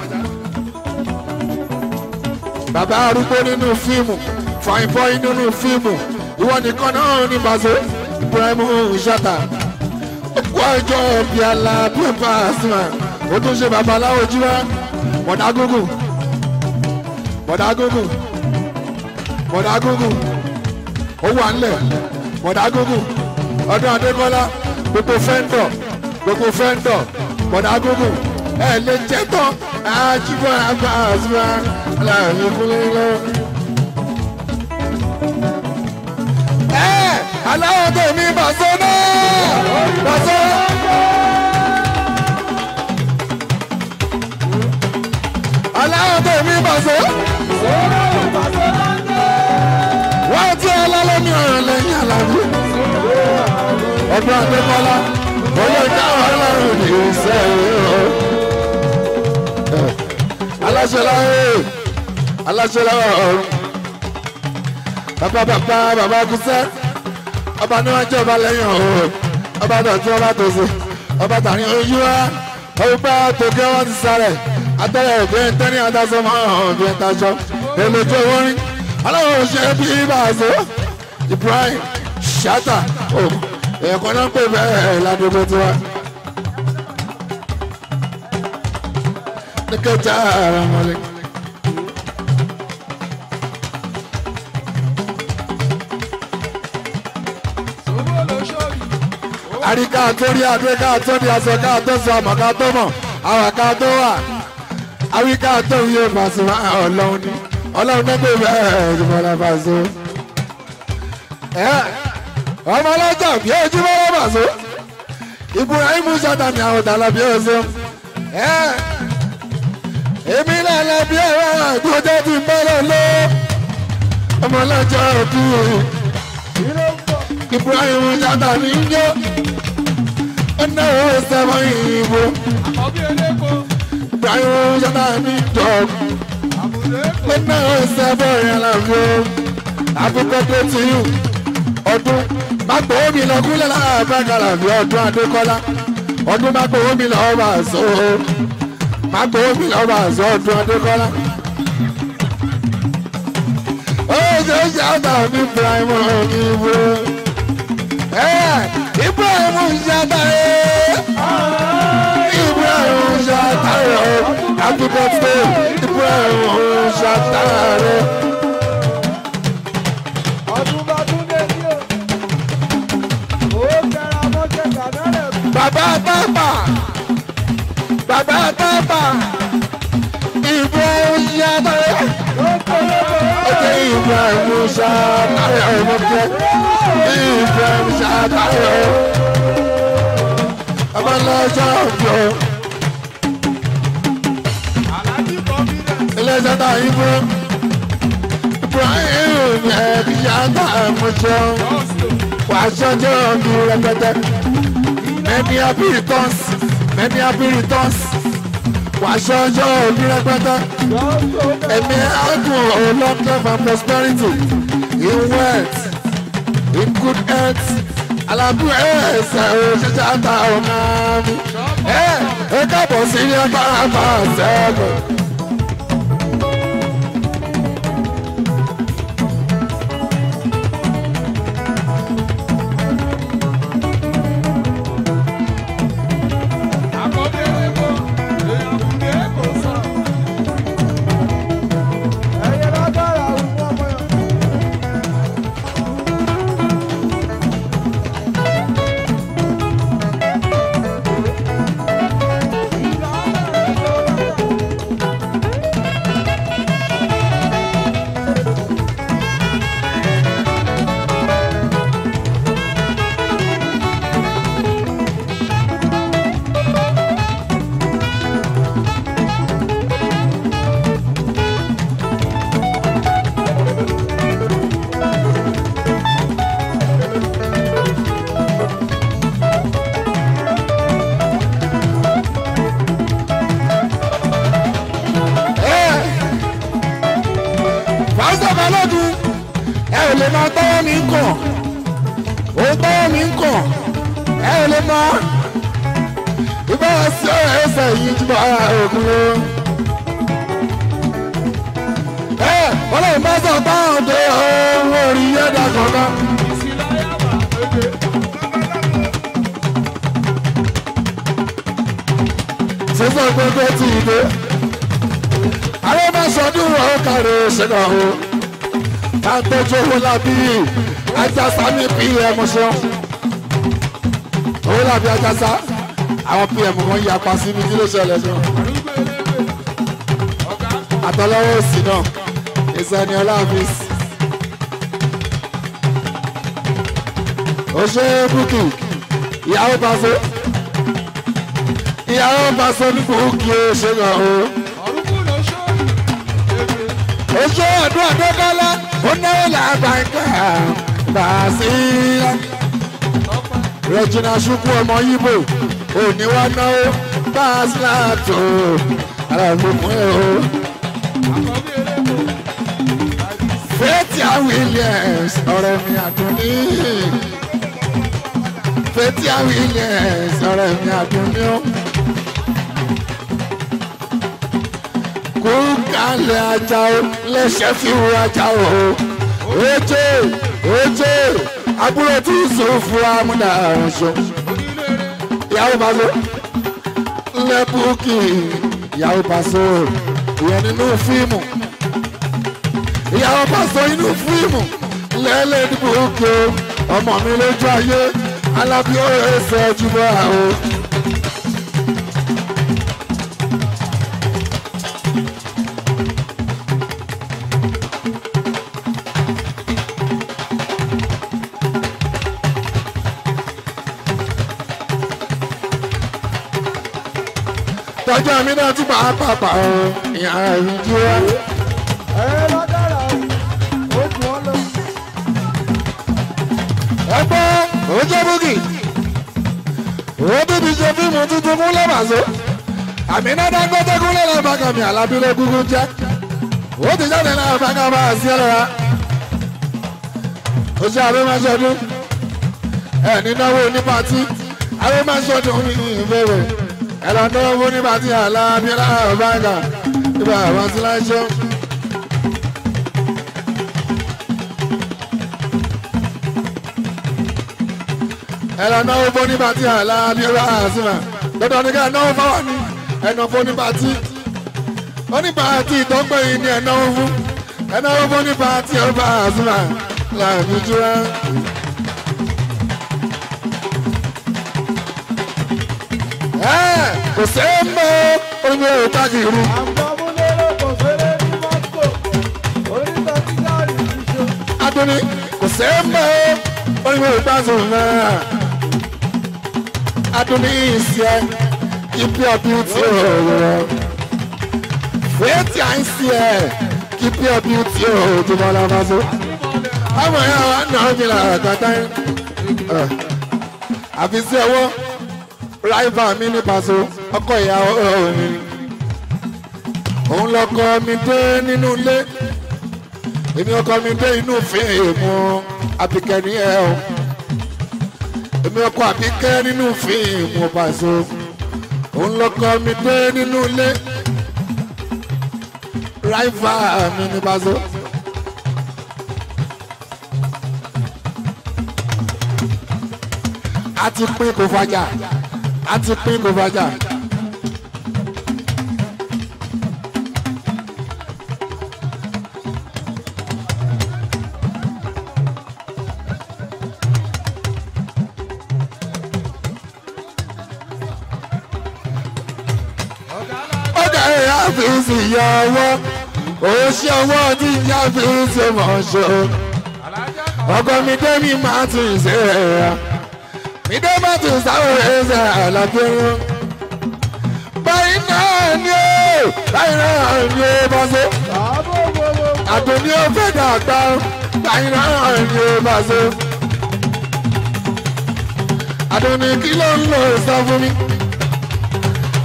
Speaker 1: bàbá arúgbó nínú fíìmù fàyìnfọ́ nínú fíìmù ìwọ nìkan náà ni pàṣẹ Ibrahim Shata ọkọ ọjọ́ bíi alábùbá asma ó tún ṣe babaláwo jíra mọ̀dágógún bọ̀dá gúngùn bọ̀dá gúngùn owó ànlẹ̀ bọ̀dá gúngùn ọdún adébọ́lá gbogbo fẹ́ńdọ̀ gbogbo fẹ́ńdọ̀ bọ̀dá gúngùn ẹ lè jẹ́ tán àjùbọ̀ àgbà àzùbà láàrin kúlẹ̀ lọ. ẹ aláwọ̀ tó mi bàṣọ náà bàṣọ. aláwọ̀ tó mi bàṣọ wọ́n ti ọlọ́lọ́ ní ọ̀rọ̀ lẹ́yìn àlàyé ọ̀gbìn àgbẹ̀kọ́lá olóòtú àwọn ọlọ́run ní ìṣe aláṣẹláwé aláṣẹláwé ọ̀run bàbá bàbá bàbá kúṣẹ́ ọba níwájú ọba lẹ́yìn ọ̀run ọba dọ̀tí ọba tòṣe ọba tàrin ojú wa ọba tòkè wọn ti sáré atẹ́lẹ̀ òkè tẹ́ni adásọ́mọ́ ọ̀hún bí ẹ ta èlò tó wọ́n aláwọ̀ ṣe bí bàzọ́ Ibrahim Shatta o ẹ̀kọ́ náà pè bẹ́ẹ̀ ládùúgbò tí wá. níkẹta ara wọlé. àríkà àtórí àdó ká àtó ní aṣọ ká àtó sọ àmọ̀ ká mọ̀ àwà ká wà àwíká àtó yóò bàṣẹ ọlọ́run ni ọlọ́run nẹ́gbẹ́ ìwé ẹ̀ẹ́dùmọ́lá fàṣọ. ọmọ ọlọ́jà bí ẹ̀ẹ́dùmọ́lá fàṣọ. Ibrahim Sata ni àwọn ọ̀dàlà bí ọ̀ṣọ́. èmi náà lọ bí ẹ̀rọ àgbọ̀jọ́ ti ń bẹ̀rẹ̀ lọ. ọmọ ọlọ́jà òkú Ibrahim Sata ni ń yọ. ọ̀nà òun sẹ́wọ̀n ìbò. Ibrahim Sata ni ń jọ̀ọ́. onírànṣẹ na làwọn àbúkọ́ tó ti yù ọdún mágbó omi lọ kúlẹ̀ láàbàgàlà mi ndị adékọ́lá ọdún mágbó omi lọ ọba àzọ ọba àzọ ọdún adékọ́lá. ó ṣe ṣe àgbà mi Ibrahim
Speaker 2: ní Ibrahim Shatara o happy
Speaker 1: birthday Ibrahim Shatara. Bàbá Tápà Bàbá Tápà Ibrahim Shatara. Ọjọ́ Ibrahim Shatara ọmọkẹ́ Ibrahim Shatara ọmọlẹ́sẹ̀ ọ̀gbọ́n. sẹ́tà ibùrọ̀ Ibrahim ẹ̀bí yàtọ̀ àmúṣọ wà sọ́jọ́ ọdún rẹpẹtẹ many happy returns many happy returns wà sọ́jọ́ ọdún rẹpẹtẹ ẹ̀mí àgùn long life and prosperity in wealth in good health alábù ẹ̀ẹ́sẹ̀ òṣìṣẹ́ àtàwọn ọmọ mi ẹ̀ ẹ̀ kábọ̀ sí ní ọgbà àgbà ṣẹ́gun. mọ̀ ẹ ò lè mọ̀ ìbá wa sí ọ̀rọ̀ ẹsẹ̀ yìí jùlọ ògùn ló. ẹ ọlọ́run bá sọ bá ọ̀dọ́ ohun orí yẹ́dà kankan. sísọ gbogbo ti ìdè àwọn bá sọ ọdún ó kàrò ṣẹlẹ̀ ọhún. tá a tọ́jú owó lábí ìwé làbí ajásá àwọn pm wọn ya pa sí mi kí ló ṣẹlẹ̀ náà àtọlọ́wọ́ òsì náà ìsẹni ọláàfíìs òṣè búkì ìyàwó paṣọ ìyàwó paṣọ ní búkì òṣè náà o. òṣè ọdún ọdún ó náwó làgbà ń Regina Chukwu ọmọ Yíbò òní wá náwó pásítọ̀ ara gbogbo ẹ̀ o. Fathia Williams ọ̀rẹ́ mi àdúní. Fathia Williams ọ̀rẹ́ mi àdúní o. Kú kalẹ̀ ajá o lẹ́sẹ̀ fi wọ ajá o. Ojo ojo àbúrò tí sòfò amúnà ọ̀ṣọ́ ìyàwó Paso lẹ́bùkì ìyàwó Paso ìyẹn nínú fíìmù ìyàwó Paso inú fíìmù lẹ́lẹ́dìbò òkè ọmọ mi lójú ayé alábíọ́ ẹsẹ̀ jùlọ àwọn. ọjọ́ mi náà tún bá pàpà ìyá ìdíwá. ẹgbẹ́ ọjọ́ búkì òun tó ti ṣe fíìmù tuntun fún lẹ́bàṣọ́ àmì náà dágbọ́tẹ́ kúnlẹ̀ lẹ́bàkàn mi àlábílẹ̀ gúgú jẹ́ ó ti jáde lẹ́bàkàn bá a sí ẹ̀rọ oṣù àrẹ́mọ́sọdún ẹ̀ ní náwó onípàtí àrẹ́mọ́sọdún ní ìfẹ́ rẹ̀ ẹ lọ náwó fún nígbà tí alábíọ́lá ọ̀báǹkà nígbà àwọn tí láṣọ. ẹ lọ náwó fún nígbà tí alábíọ́lá àṣìmà lọ́dọ̀ ní ká náwó fáwọn ní ẹ̀nà fún nígbà tí oníbàátì ìtọ́gbẹ̀yìn ni ẹ̀ náwó fún ẹ̀ náwó fún nígbà tí ọba àṣìmà làbújúra. kò sí é mọ́ onígbèrè òkà yìí. àgbàmúlérò kò fẹ́rẹ́ ní mọ́tò oríta títà ìrìnsò. adúlé kò sí é mọ́ onígbèrè òkà yìí náà. adúlé ìṣe ibi ọdún tí ó rọrọ. fèétì à ń ṣe ẹ̀ tí ó rọrọ tó bá lábá wa ń gbìlà àtàtà yẹn. àfi sí ọwọ́ ráìbà mi ní ọkọ ìyàwó òní òun lọkọ mi dé nínú ilé èmi ọkọ mi dé inú òfin èèmù Àbíkẹ́ ní ẹ o èmi ọkọ Àbíkẹ́ nínú òfin èèmù Paso òun lọkọ mi dé nínú ilé ráìfà mi ní Paso. a ti pín kò fàjà a ti pín kò fàjà. sì yọ ọwọ́ ó ṣe ọwọ́ tí ìyá fi ń ṣe mọ̀ ṣe o ọkọ mi dé mi máa tún ṣe ẹ̀yà mi dé má tún sáwọn ẹ̀ṣẹ̀ àlàkérò báyìí náà ni ó báyìí náà ni ó bá ṣe àtòní ó fẹ́ dàgbà báyìí náà ni ó bá ṣe àtòní kí ń lò sọ fún mi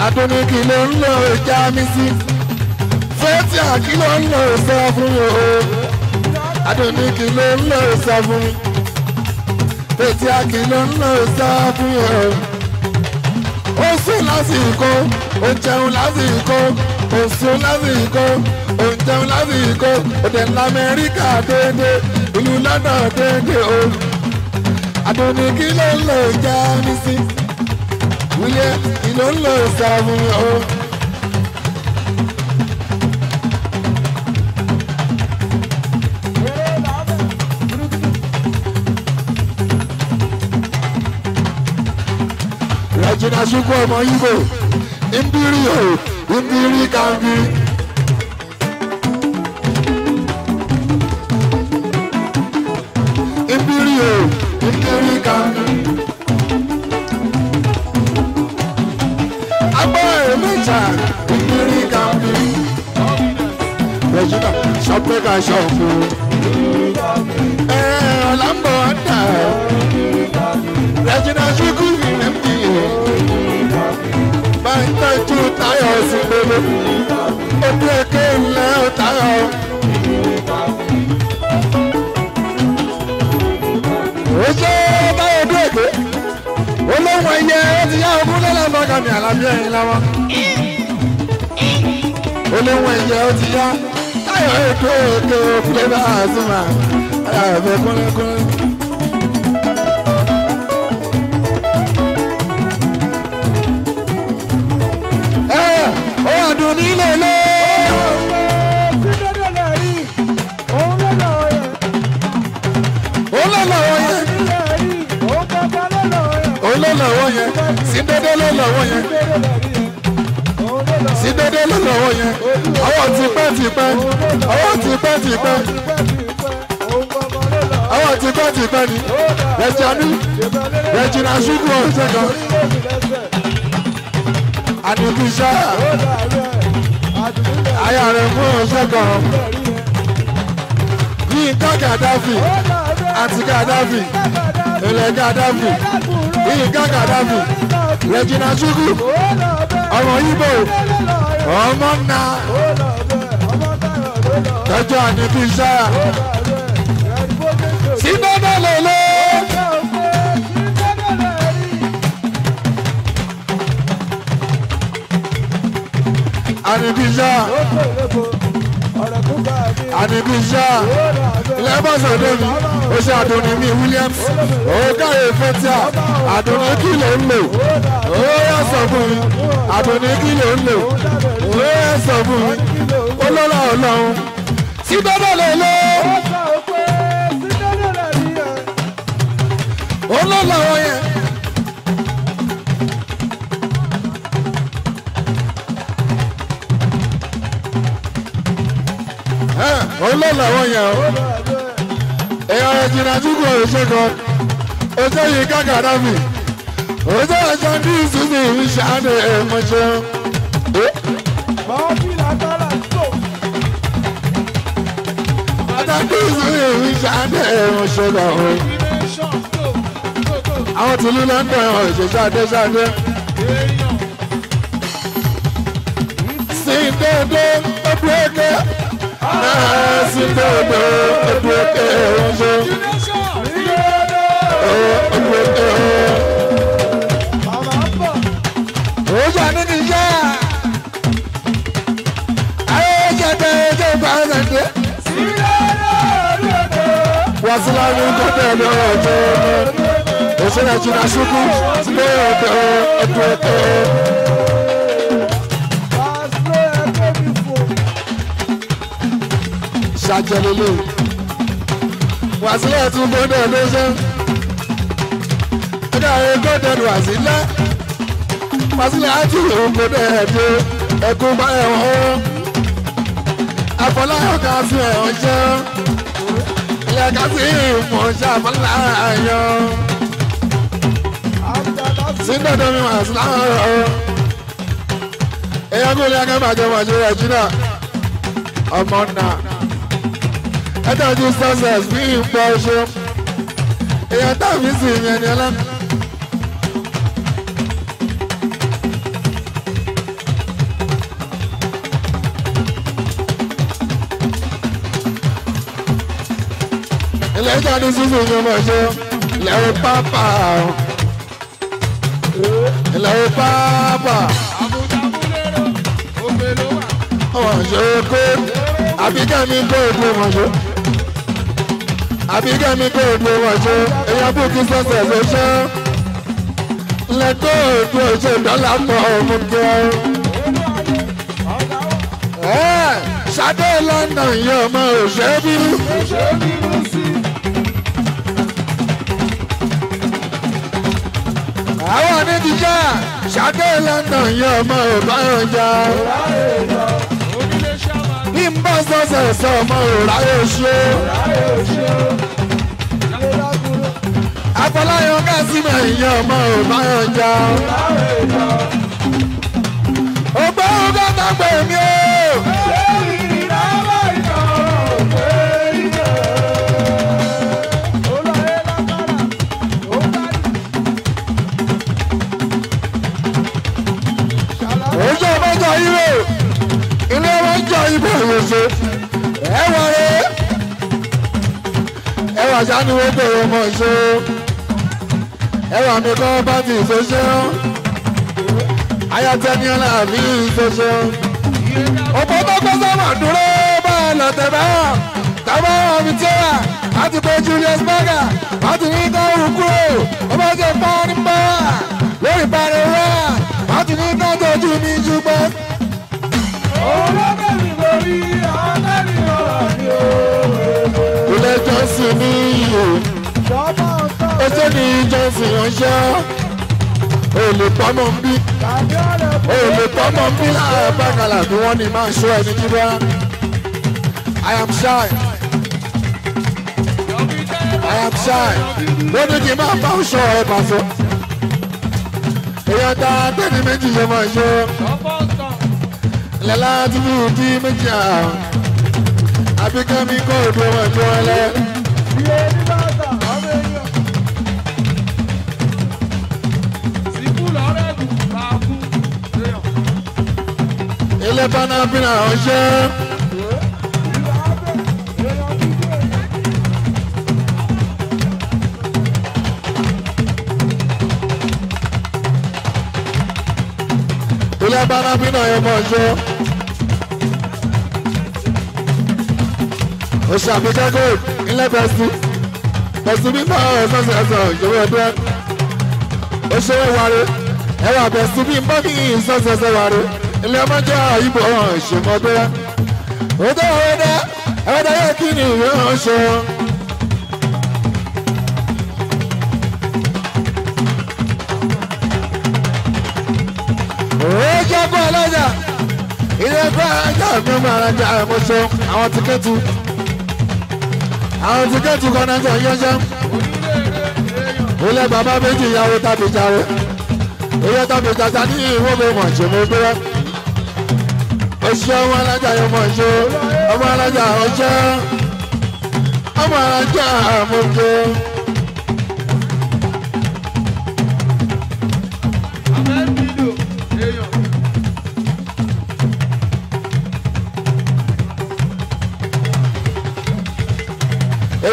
Speaker 1: àtòní kí ń lò já mi sí fẹ́tì àkí ló ń lọ sọ fún mi o adùnní kí ló ń lọ sọ fún mi fẹ́tì àkí ló ń lọ sọ fún mi o ó sùn lásìkò ó jẹun lásìkò ó sùn lásìkò ó jẹun lásìkò ó dẹ̀ lamẹ́ríkà dédé ìlú lọ́dọ̀ dédé o adùnní kí ló ń lọ jẹ́ mi sí wíyẹ kí ń lọ sọ fún mi o. Àjìnàṣíkú ọmọ Igbo ndírí o ndírí kangiri. ndírí o ndírí kangiri. agbára ẹ̀mẹ́ta ndírí kangiri. Regina sọpẹ́ka ṣọ̀fù. ẹ̀ẹ́d ọ̀làǹbọ̀ ọ̀dà. Regina ṣíkú bá ń tọ́jú táyọ̀ sí gbogbo ojú ẹ̀kẹ́ ńlẹ́ ò táyọ̀. ó ṣe táyọ̀ ojú ẹ̀kẹ́ olóhùn ẹ̀yẹ ó ti yá ogún lọ́lá fọ́gàmì àlàbí ẹ̀yìn lọ́wọ́ olóhùn ẹ̀yẹ ó ti yá táyọ̀ ojú ẹ̀kẹ́ òkúlẹ̀ àzùmá àlàbẹ̀ yẹn sí dédé ló lọ́wọ́ yẹn sí dédé ló lọ́wọ́ yẹn ọwọ́ tipẹ́ tipẹ́ ọwọ́ tipẹ́ tipẹ́ ọwọ́ tipẹ́ tipẹ́ ni rẹjani rẹjina ṣubú ọ̀sẹ̀ kan àdìgún iṣẹ́ àyà rẹ̀ fún ọ̀sẹ̀ kan yínká Gaddafi àti Gaddafi èlé Gaddafi. Yinka Kadafi Regina Chukwu ọmọ Ibo, ọmọ nna tọjọ àníbí sára síbẹ̀dẹ̀ lélẹ̀. àníbí sára àníkú ṣá lẹ́bọ̀sán débi ó ṣe àdùnnìmí Williams òkàyè fẹ́tíà àdùnnì kí ló ń lò ó yẹ sọ fún mi àdùnnì kí ló ń lò ó yẹ sọ fún mi olólà ọlọ́run tí bẹ́ẹ̀ lè lọ. olólà wọn yẹn. olóòlà wọn yẹn o èèyàn rẹ̀ jìnnà dúkùú òṣè kan òṣè yìí kákàdá mi òṣè ọjọ́ ní ìsúnmi mi ṣáájú ẹ̀mọ́ ṣeun. Adájọ́ ìsúnmi mi ṣáájú ẹ̀mọ́ ṣeun àwọn. àwọn tìlú London ọ̀ṣẹ̀ ṣáájú ṣáájú. sí dédé ó bú ẹgbẹ́. Nasi tebe eduke onzo. Eduke onzo. Oja ni nija. Aye jade je bazande. Wasila ni kote dojo. Osela jina suku. Eduke eduke. ṣàjẹlélẹ̀ wàsílẹ̀ tún gbọ́dọ̀ ló ṣe ẹ̀dá gbọ́dọ̀ wàsílẹ̀ wàsílẹ̀ á ti gbọ́dọ̀ ẹ̀dẹ́ ẹ̀kún bá ẹ̀hún àfọláyọ̀ ká sí ẹ̀hún jẹ́ ilẹ̀ ká sí ìmọ̀ ṣàfọláyọ̀ sí dandan mi wàsílẹ̀ ẹ̀yà kò lè ẹ̀kẹ́ bàjẹ́ wàjẹ́ ẹ̀jìnà ọmọ náà ẹ̀dájú success bí ìpọ̀ ṣe èèyàn táàbí sì yẹn ni ọlọ́run. ilẹ̀ jáde sísè ní ọmọ ṣe ilẹ̀ pápá ilẹ̀ pápá ọmọ ṣe kó àbíkẹ́ mi kó èkó ọmọ ṣe àbíkẹ́mi tó o dúró wọ̀ṣẹ́ èèyàn bùkún sọ́sẹ̀ ló ṣẹ́ lẹ́tọ́ o dúró ṣe dọ́là mọ́ ọmọ kẹ́ ẹ ṣadé lọ́nà yìí ọmọ òṣèré bínú. àwọn onídìjà ṣadé lọ́nà yìí ọmọ òbá ọjà bá sọ́sẹ̀ sọ́mọ ìráyè ṣe. afọláyàn kásímẹ̀ ìyẹn ọmọ ìbáyọ̀ jà. ògbóhùn kọ́ta pè mí o. ṣe ẹwà rẹ ẹwà sani wo bẹ̀rẹ̀ ọmọ ìṣó ẹwà mi kọ́ bá ti ìṣoṣe rán ayatollah ọlá àbí ìṣoṣe ọ̀pọ̀ bá gbọ́ sábà dúró bá a lọ tẹ̀ bá tàbá ọ̀bí tí ó wà láti pé Julius Berger láti ní dáhùn kúrò ọba jẹ fáwọn bá lórí parí wá láti ní dáhùn ojú mi ṣùgbọ́n ilé jọ́sìn ní iyò ẹsẹ̀ ní jọ́sìn ọ̀ṣẹ́ olùpamọ́ ń bí olùpamọ́ ń bí láàárọ̀ bákàlà tí wọ́n ní máa ń ṣọ́ ẹni jí bá I am shy I am shy wọ́n ní kí n máa bá ọ̀ṣọ́ ẹ̀ bá sọ èèyàn dáa tẹ́ni méjì yẹn máa ṣọ́ lẹ́la túbú tí méjì àwọn àbíkẹ́mi kọ́ òdo wọn tó wọn lẹ. ilé panápínà ọ̀ṣẹ́. ilé panápínà ẹ̀mọ́ ọ̀ṣẹ́. oṣù àbújá gold ilé fẹsí fẹsí mímọ ọsọsọ ẹsọ ìjọba ọdún oṣù wàre ẹwà fẹsí mímọ kí ìsọsọsọ wàre ilé ọmọjọ ìbò ìṣègùn ọdún ọdún ọdún ọdún yóò kí ni ìwé ọṣọ. ojú ọgbọ́n ọlọ́jà ilé ẹgbẹ́ ajá mi máa ń rajà ẹ̀mọ́ṣọ́ àwọn tíkẹ́tù àwọn tíkẹ́ẹ̀tì kọ́nẹ́tọ̀ yẹ́sẹ́ ilé bàbá méjì ìyàwó tàbí jáwé iye tàbí jàjà ní ìwọ́gbọ̀ mọ̀ọ́sẹ̀ mi gbé oṣù ọmọ alájà yóò mọ̀ọ́sẹ̀ ọmọ alájà ọṣẹ́ ọmọ alájà àmọ́kẹ́.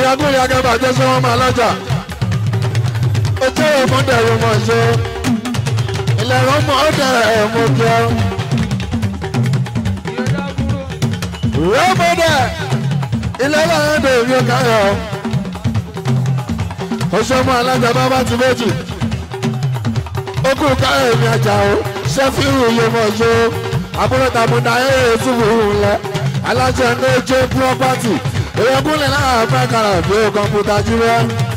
Speaker 1: yagun yaga bàjẹ́ sọ wọn máa lọ́jà ojú ẹ̀rọ mọ́ dẹ̀rù mọ̀ ṣe ìlẹ̀rọ mọ́ ó dẹ̀rẹ̀ mọ́ jẹ́ rọ́mọdé ìlẹ́lẹ́ ọ̀dọ̀ èmi ò káyọ̀ oṣù ọmọ alájà bá bá ti méjì ó kú káyọ̀ èmi àjà o ṣẹ́fíìrù yé mọ̀ ṣe àbúrò tàbùdá ẹ̀rẹ̀ ètùbù ń lẹ alájà ń lé jẹ́ pírọ́pátì èyí kúnlẹ̀ náà fẹ́ kàrà bí kọ̀ǹpútà jíwọ́.